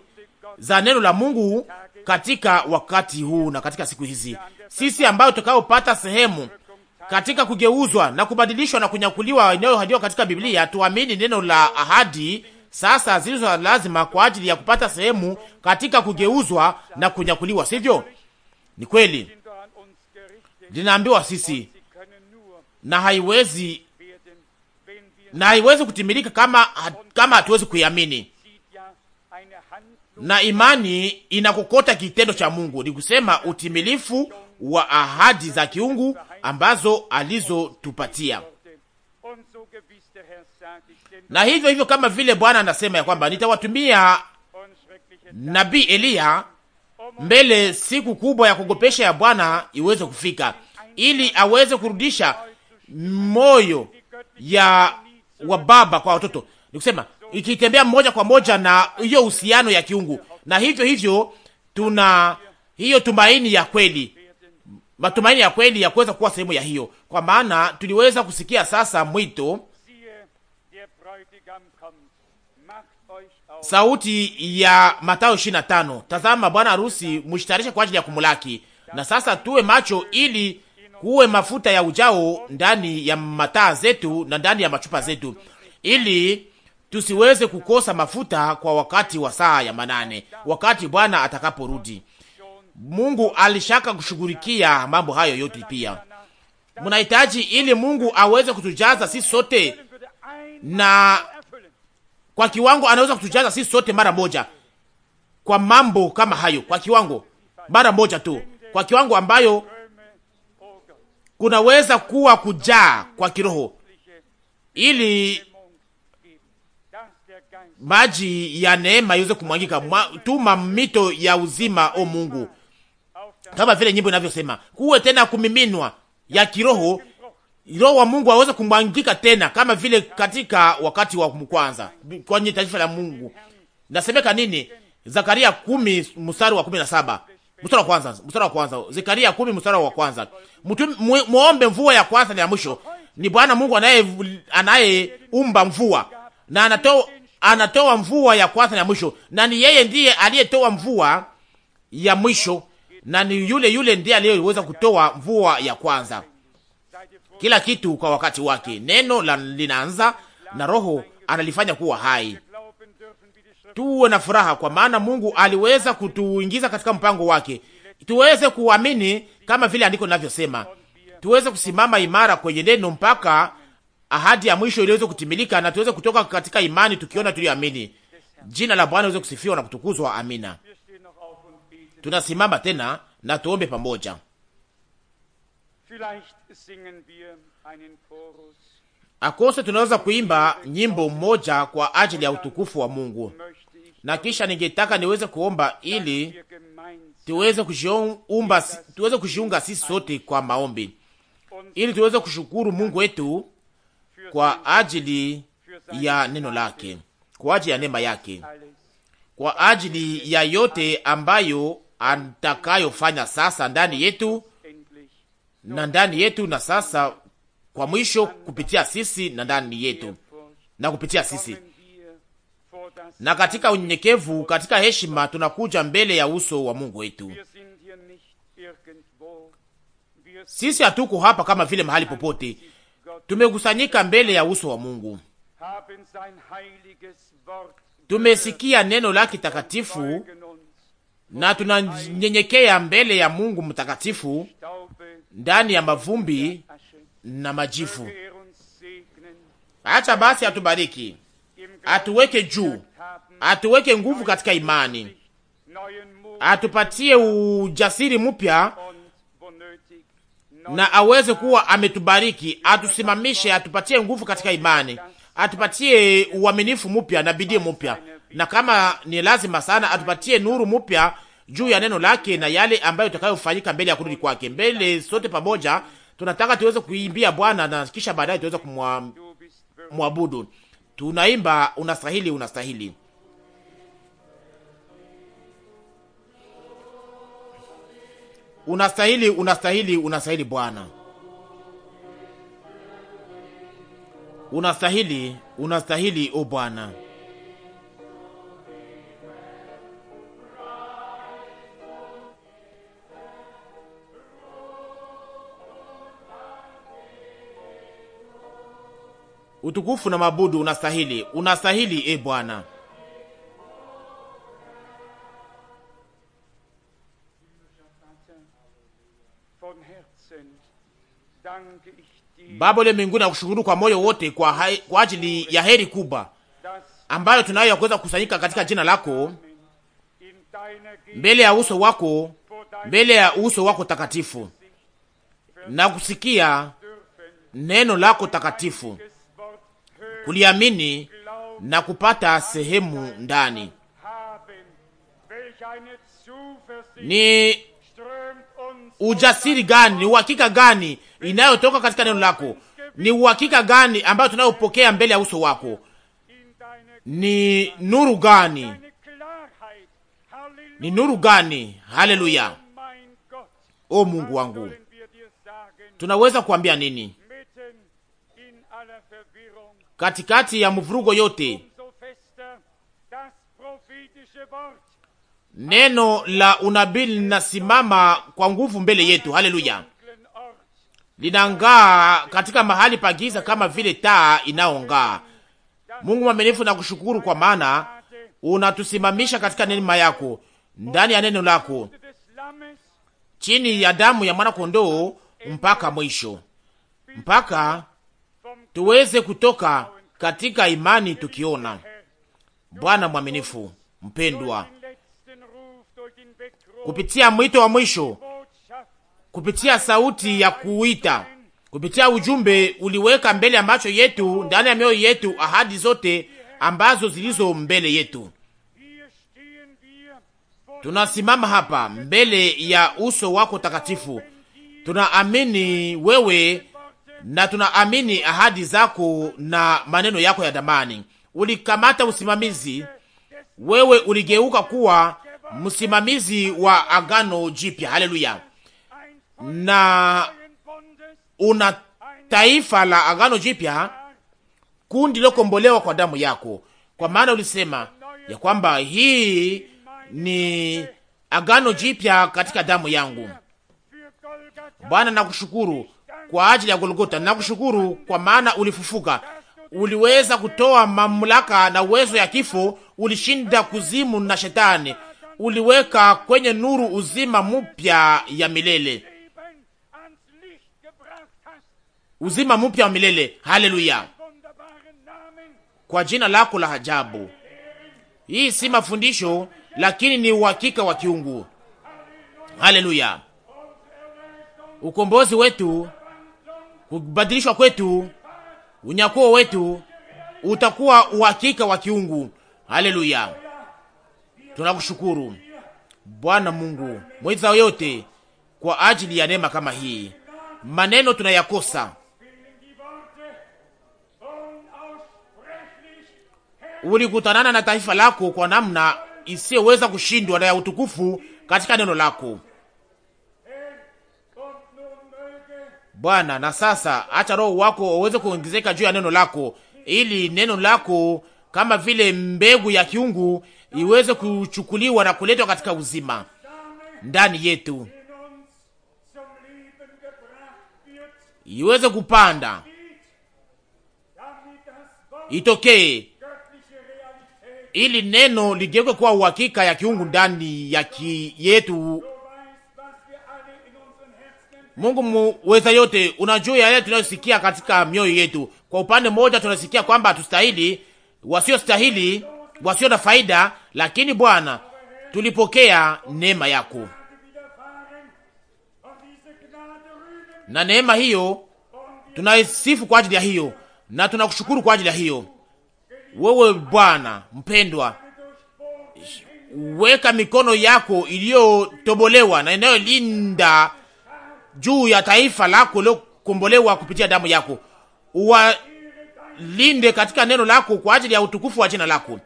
za neno la Mungu katika wakati huu na katika siku hizi, sisi ambao tutakaopata sehemu katika kugeuzwa na kubadilishwa na kunyakuliwa inayohadiwa katika Biblia, tuamini neno la ahadi sasa zilizo lazima kwa ajili ya kupata sehemu katika kugeuzwa na kunyakuliwa, sivyo? Ni kweli linaambiwa sisi, na haiwezi na haiwezi kutimilika kama kama hatuwezi kuiamini, na imani inakokota kitendo cha Mungu, ni kusema utimilifu wa ahadi za kiungu ambazo alizotupatia na hivyo hivyo, kama vile Bwana anasema ya kwamba nitawatumia nabii Eliya mbele siku kubwa ya kugopesha ya Bwana iweze kufika, ili aweze kurudisha moyo ya wa baba kwa watoto, nikusema ikitembea moja kwa moja na hiyo uhusiano ya kiungu. Na hivyo hivyo tuna hiyo tumaini ya kweli, matumaini ya kweli ya kuweza kuwa sehemu ya hiyo, kwa maana tuliweza kusikia sasa mwito sauti ya Mathayo 25, tazama bwana harusi mshitarishe kwa ajili ya kumulaki. Na sasa tuwe macho ili kuwe mafuta ya ujao ndani ya mataa zetu na ndani ya machupa zetu, ili tusiweze kukosa mafuta kwa wakati wa saa ya manane, wakati Bwana atakaporudi. Mungu alishaka kushughulikia mambo hayo yote. Pia mnahitaji ili Mungu aweze kutujaza sisi sote na kwa kiwango anaweza kutujaza sisi sote mara moja kwa mambo kama hayo, kwa kiwango mara moja tu, kwa kiwango ambayo kunaweza kuwa kujaa kwa kiroho, ili maji ya neema iweze kumwangika. Tuma mito ya uzima, o Mungu, kama vile nyimbo inavyosema, kuwe tena kumiminwa ya kiroho Roho wa Mungu aweze kumwangika tena, kama vile katika wakati wa kwanza kwenye taifa la Mungu. Nasemeka nini? Zakaria kumi mstari wa kumi na saba mstari wa kwanza mstari wa kwanza Zakaria kumi mstari wa kwanza mtu muombe mvua ya kwanza na ya mwisho. Ni Bwana Mungu anaye anaye umba mvua na anatoa anatoa mvua ya kwanza na ya mwisho, na ni yeye ndiye aliyetoa mvua ya mwisho, na ni yule yule ndiye aliyeweza kutoa mvua ya kwanza kila kitu kwa wakati wake. Neno la linaanza na Roho analifanya kuwa hai. Tuwe na furaha, kwa maana Mungu aliweza kutuingiza katika mpango wake. Tuweze kuamini kama vile andiko linavyosema, tuweze kusimama imara kwenye neno mpaka ahadi ya mwisho iliweze kutimilika, na tuweze kutoka katika imani tukiona tuliamini. Jina la Bwana liweze kusifiwa na kutukuzwa. Amina. Tunasimama tena na tuombe pamoja akose tunaweza kuimba nyimbo moja kwa ajili ya utukufu wa Mungu. Na kisha ningetaka niweze kuomba ili tuweze kujiumba, tuweze kujiunga sisi sote kwa maombi, ili tuweze kushukuru Mungu wetu kwa ajili ya neno lake, kwa ajili ya neema yake, kwa ajili ya yote ambayo atakayofanya sasa ndani yetu na ndani yetu, na sasa kwa mwisho kupitia sisi na ndani yetu na kupitia sisi. Na katika unyenyekevu, katika heshima, tunakuja mbele ya uso wa Mungu wetu. Sisi hatuko hapa kama vile mahali popote, tumekusanyika mbele ya uso wa Mungu, tumesikia neno lake takatifu na tunanyenyekea mbele ya Mungu mtakatifu ndani ya mavumbi na majivu. Acha basi atubariki, atuweke juu, atuweke nguvu katika imani, atupatie ujasiri mpya na aweze kuwa ametubariki, atusimamishe, atupatie nguvu katika imani, atupatie uaminifu mpya na bidii mpya, na kama ni lazima sana, atupatie nuru mpya juu ya neno lake na yale ambayo itakayofanyika mbele ya kurudi kwake. Mbele sote pamoja tunataka tuweze kuimbia Bwana na kisha baadaye tuweze kumwabudu. Tunaimba unastahili, unastahili. Unastahili, unastahili, unastahili Bwana. Unastahili, unastahili o Bwana. Utukufu na mabudu unastahili, unastahili e Bwana. Baba ule mbinguni, nakushukuru kwa moyo wote kwa, hai, kwa ajili ya heri kubwa ambayo tunayo ya kuweza kukusanyika katika jina lako mbele ya uso wako mbele ya uso wako takatifu na kusikia neno lako takatifu kuliamini na kupata sehemu ndani. Ni ujasiri gani, ni uhakika gani inayotoka katika neno lako? Ni uhakika gani ambayo tunayopokea mbele ya uso wako? Ni nuru gani, ni nuru gani? Haleluya! O Mungu wangu, tunaweza kuambia nini? katikati ya mvurugo yote. Neno la unabii linasimama kwa nguvu mbele yetu. Haleluya! linang'aa katika mahali pa giza kama vile taa inayong'aa. Mungu mwaminifu, na kushukuru kwa maana unatusimamisha katika neema yako, ndani ya neno lako, chini ya damu ya mwana kondoo mpaka mwisho, mpaka tuweze kutoka katika imani tukiona. Bwana mwaminifu mpendwa, kupitia mwito wa mwisho, kupitia sauti ya kuita, kupitia ujumbe uliweka mbele ya macho yetu, ndani ya mioyo yetu, ahadi zote ambazo zilizo mbele yetu. Tunasimama hapa mbele ya uso wako takatifu, tunaamini wewe na tunaamini ahadi zako na maneno yako ya damani. Ulikamata usimamizi, wewe uligeuka kuwa msimamizi wa agano jipya. Haleluya! na una taifa la agano jipya, kundi lokombolewa kwa damu yako, kwa maana ulisema ya kwamba hii ni agano jipya katika damu yangu. Bwana, nakushukuru kwa ajili ya Golgota. Nakushukuru kwa maana ulifufuka, uliweza kutoa mamlaka na uwezo ya kifo, ulishinda kuzimu na shetani, uliweka kwenye nuru uzima mpya ya milele, uzima mpya wa milele. Haleluya, kwa jina lako la ajabu. Hii si mafundisho, lakini ni uhakika wa kiungu. Haleluya, ukombozi wetu Kubadilishwa kwetu, unyakuo wetu utakuwa uhakika wa kiungu. Haleluya, tunakushukuru Bwana Mungu mweza yote kwa ajili ya neema kama hii. Maneno tunayakosa, ulikutanana na taifa lako kwa namna isiyoweza kushindwa na ya utukufu katika neno lako. Bwana, na sasa acha roho wako uweze kuongezeka juu ya neno lako, ili neno lako kama vile mbegu ya kiungu iweze kuchukuliwa na kuletwa katika uzima ndani yetu, iweze kupanda, itokee, ili neno ligeuke kuwa uhakika ya kiungu ndani ya ki yetu Mungu muweza yote unajua yale tunayosikia katika mioyo yetu. Kwa upande mmoja tunasikia kwamba hatustahili, wasio stahili, wasio na faida, lakini Bwana, tulipokea neema yako, na neema hiyo tunaisifu kwa ajili ya hiyo, na tunakushukuru kwa ajili ya hiyo. Wewe Bwana mpendwa, weka mikono yako iliyotobolewa na inayolinda linda juu ya taifa lako lokombolewa kupitia damu yako, uwalinde katika neno lako kwa ajili ya utukufu wa jina lako.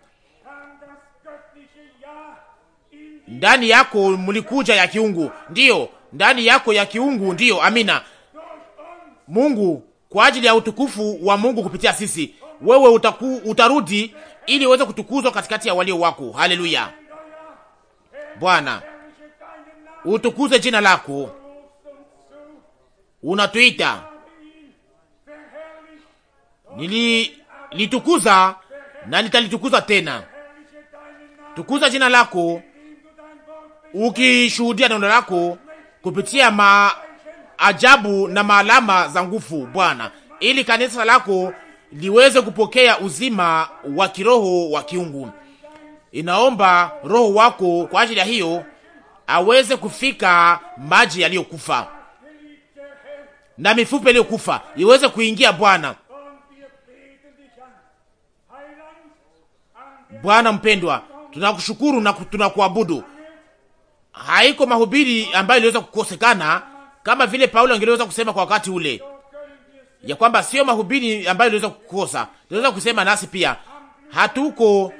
Ndani yako mlikuja ya kiungu, ndiyo, ndani yako ya kiungu, ndiyo. Amina Mungu, kwa ajili ya utukufu wa Mungu kupitia sisi, wewe utaku, utarudi ili uweze kutukuzwa katikati ya walio wako. Haleluya Bwana, utukuze jina lako unatuita, nililitukuza na nitalitukuza tena. Tukuza jina lako ukishuhudia neno lako kupitia maajabu na maalama za nguvu Bwana, ili kanisa lako liweze kupokea uzima wa kiroho wa kiungu. Inaomba roho wako kwa ajili ya hiyo aweze kufika maji yaliyokufa na mifupa iliyokufa iweze kuingia. Bwana Bwana mpendwa, tunakushukuru na tunakuabudu. Haiko mahubiri ambayo iliweza kukosekana kama vile Paulo angeweza kusema kwa wakati ule ya kwamba sio mahubiri ambayo iliweza kukosa, tunaweza kusema nasi pia hatuko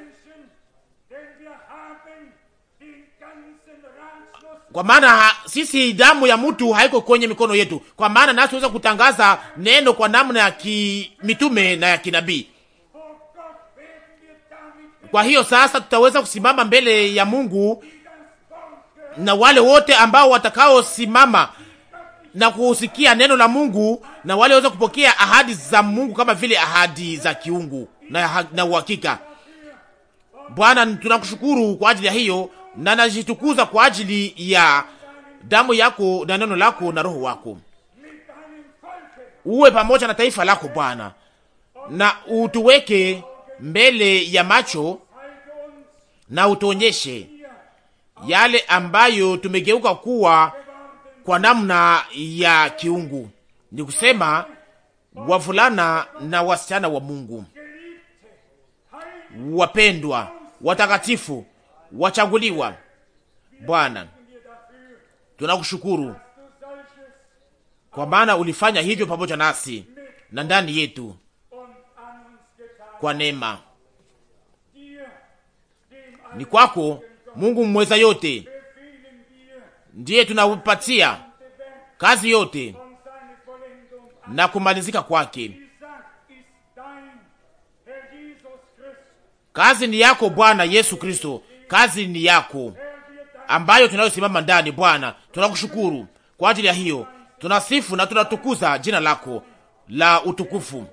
Kwa maana sisi damu ya mtu haiko kwenye mikono yetu, kwa maana nasi tunaweza kutangaza neno kwa namna ya kimitume na ya kinabii. Kwa hiyo sasa tutaweza kusimama mbele ya Mungu na wale wote ambao watakaosimama na kusikia neno la Mungu na wale waweza kupokea ahadi za Mungu kama vile ahadi za kiungu na, na uhakika. Bwana, tunakushukuru kwa ajili ya hiyo na najitukuza kwa ajili ya damu yako na neno lako na roho wako. Uwe pamoja na taifa lako Bwana, na utuweke mbele ya macho na utuonyeshe yale ambayo tumegeuka kuwa kwa namna ya kiungu, ni kusema wavulana na wasichana wa Mungu, wapendwa watakatifu, wachaguliwa. Bwana, tunakushukuru kwa maana ulifanya hivyo pamoja nasi na ndani yetu kwa neema. Ni kwako Mungu mweza yote, ndiye tunaupatia kazi yote na kumalizika kwake. Kazi ni yako Bwana Yesu Kristo, kazi ni yako ambayo tunayosimama ndani. Bwana, tunakushukuru kwa ajili ya hiyo, tunasifu na tunatukuza jina lako la utukufu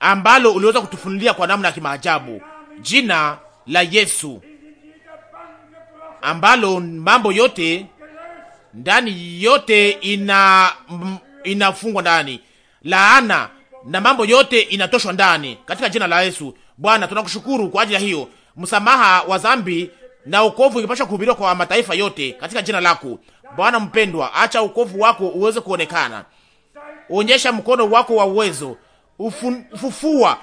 ambalo uliweza kutufunulia kwa namna ya kimaajabu, jina la Yesu ambalo mambo yote ndani yote ina inafungwa ndani, laana na mambo yote inatoshwa ndani katika jina la Yesu. Bwana, tunakushukuru kwa ajili ya hiyo. Msamaha wa dhambi na wokovu ingepasha kuhubiriwa kwa mataifa yote katika jina lako. Bwana mpendwa, acha wokovu wako uweze kuonekana. Onyesha mkono wako wa uwezo. Ufufua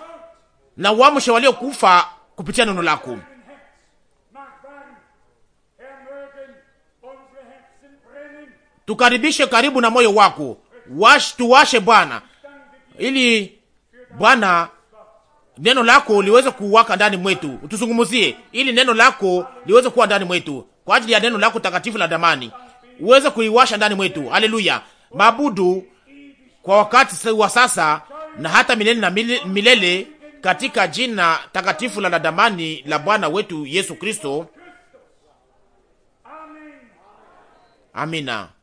na uamshe waliokufa kupitia neno lako. Tukaribishe karibu na moyo wako. Wash tuwashe Bwana. Ili Bwana neno lako liweze kuwaka ndani mwetu, utuzungumuzie ili neno lako liweze kuwa ndani mwetu, kwa ajili ya neno lako takatifu la damani uweze kuiwasha ndani mwetu. Haleluya! Mabudu kwa wakati wa sasa na hata milele na milele, katika jina takatifu la damani la Bwana wetu Yesu Kristo. Amina.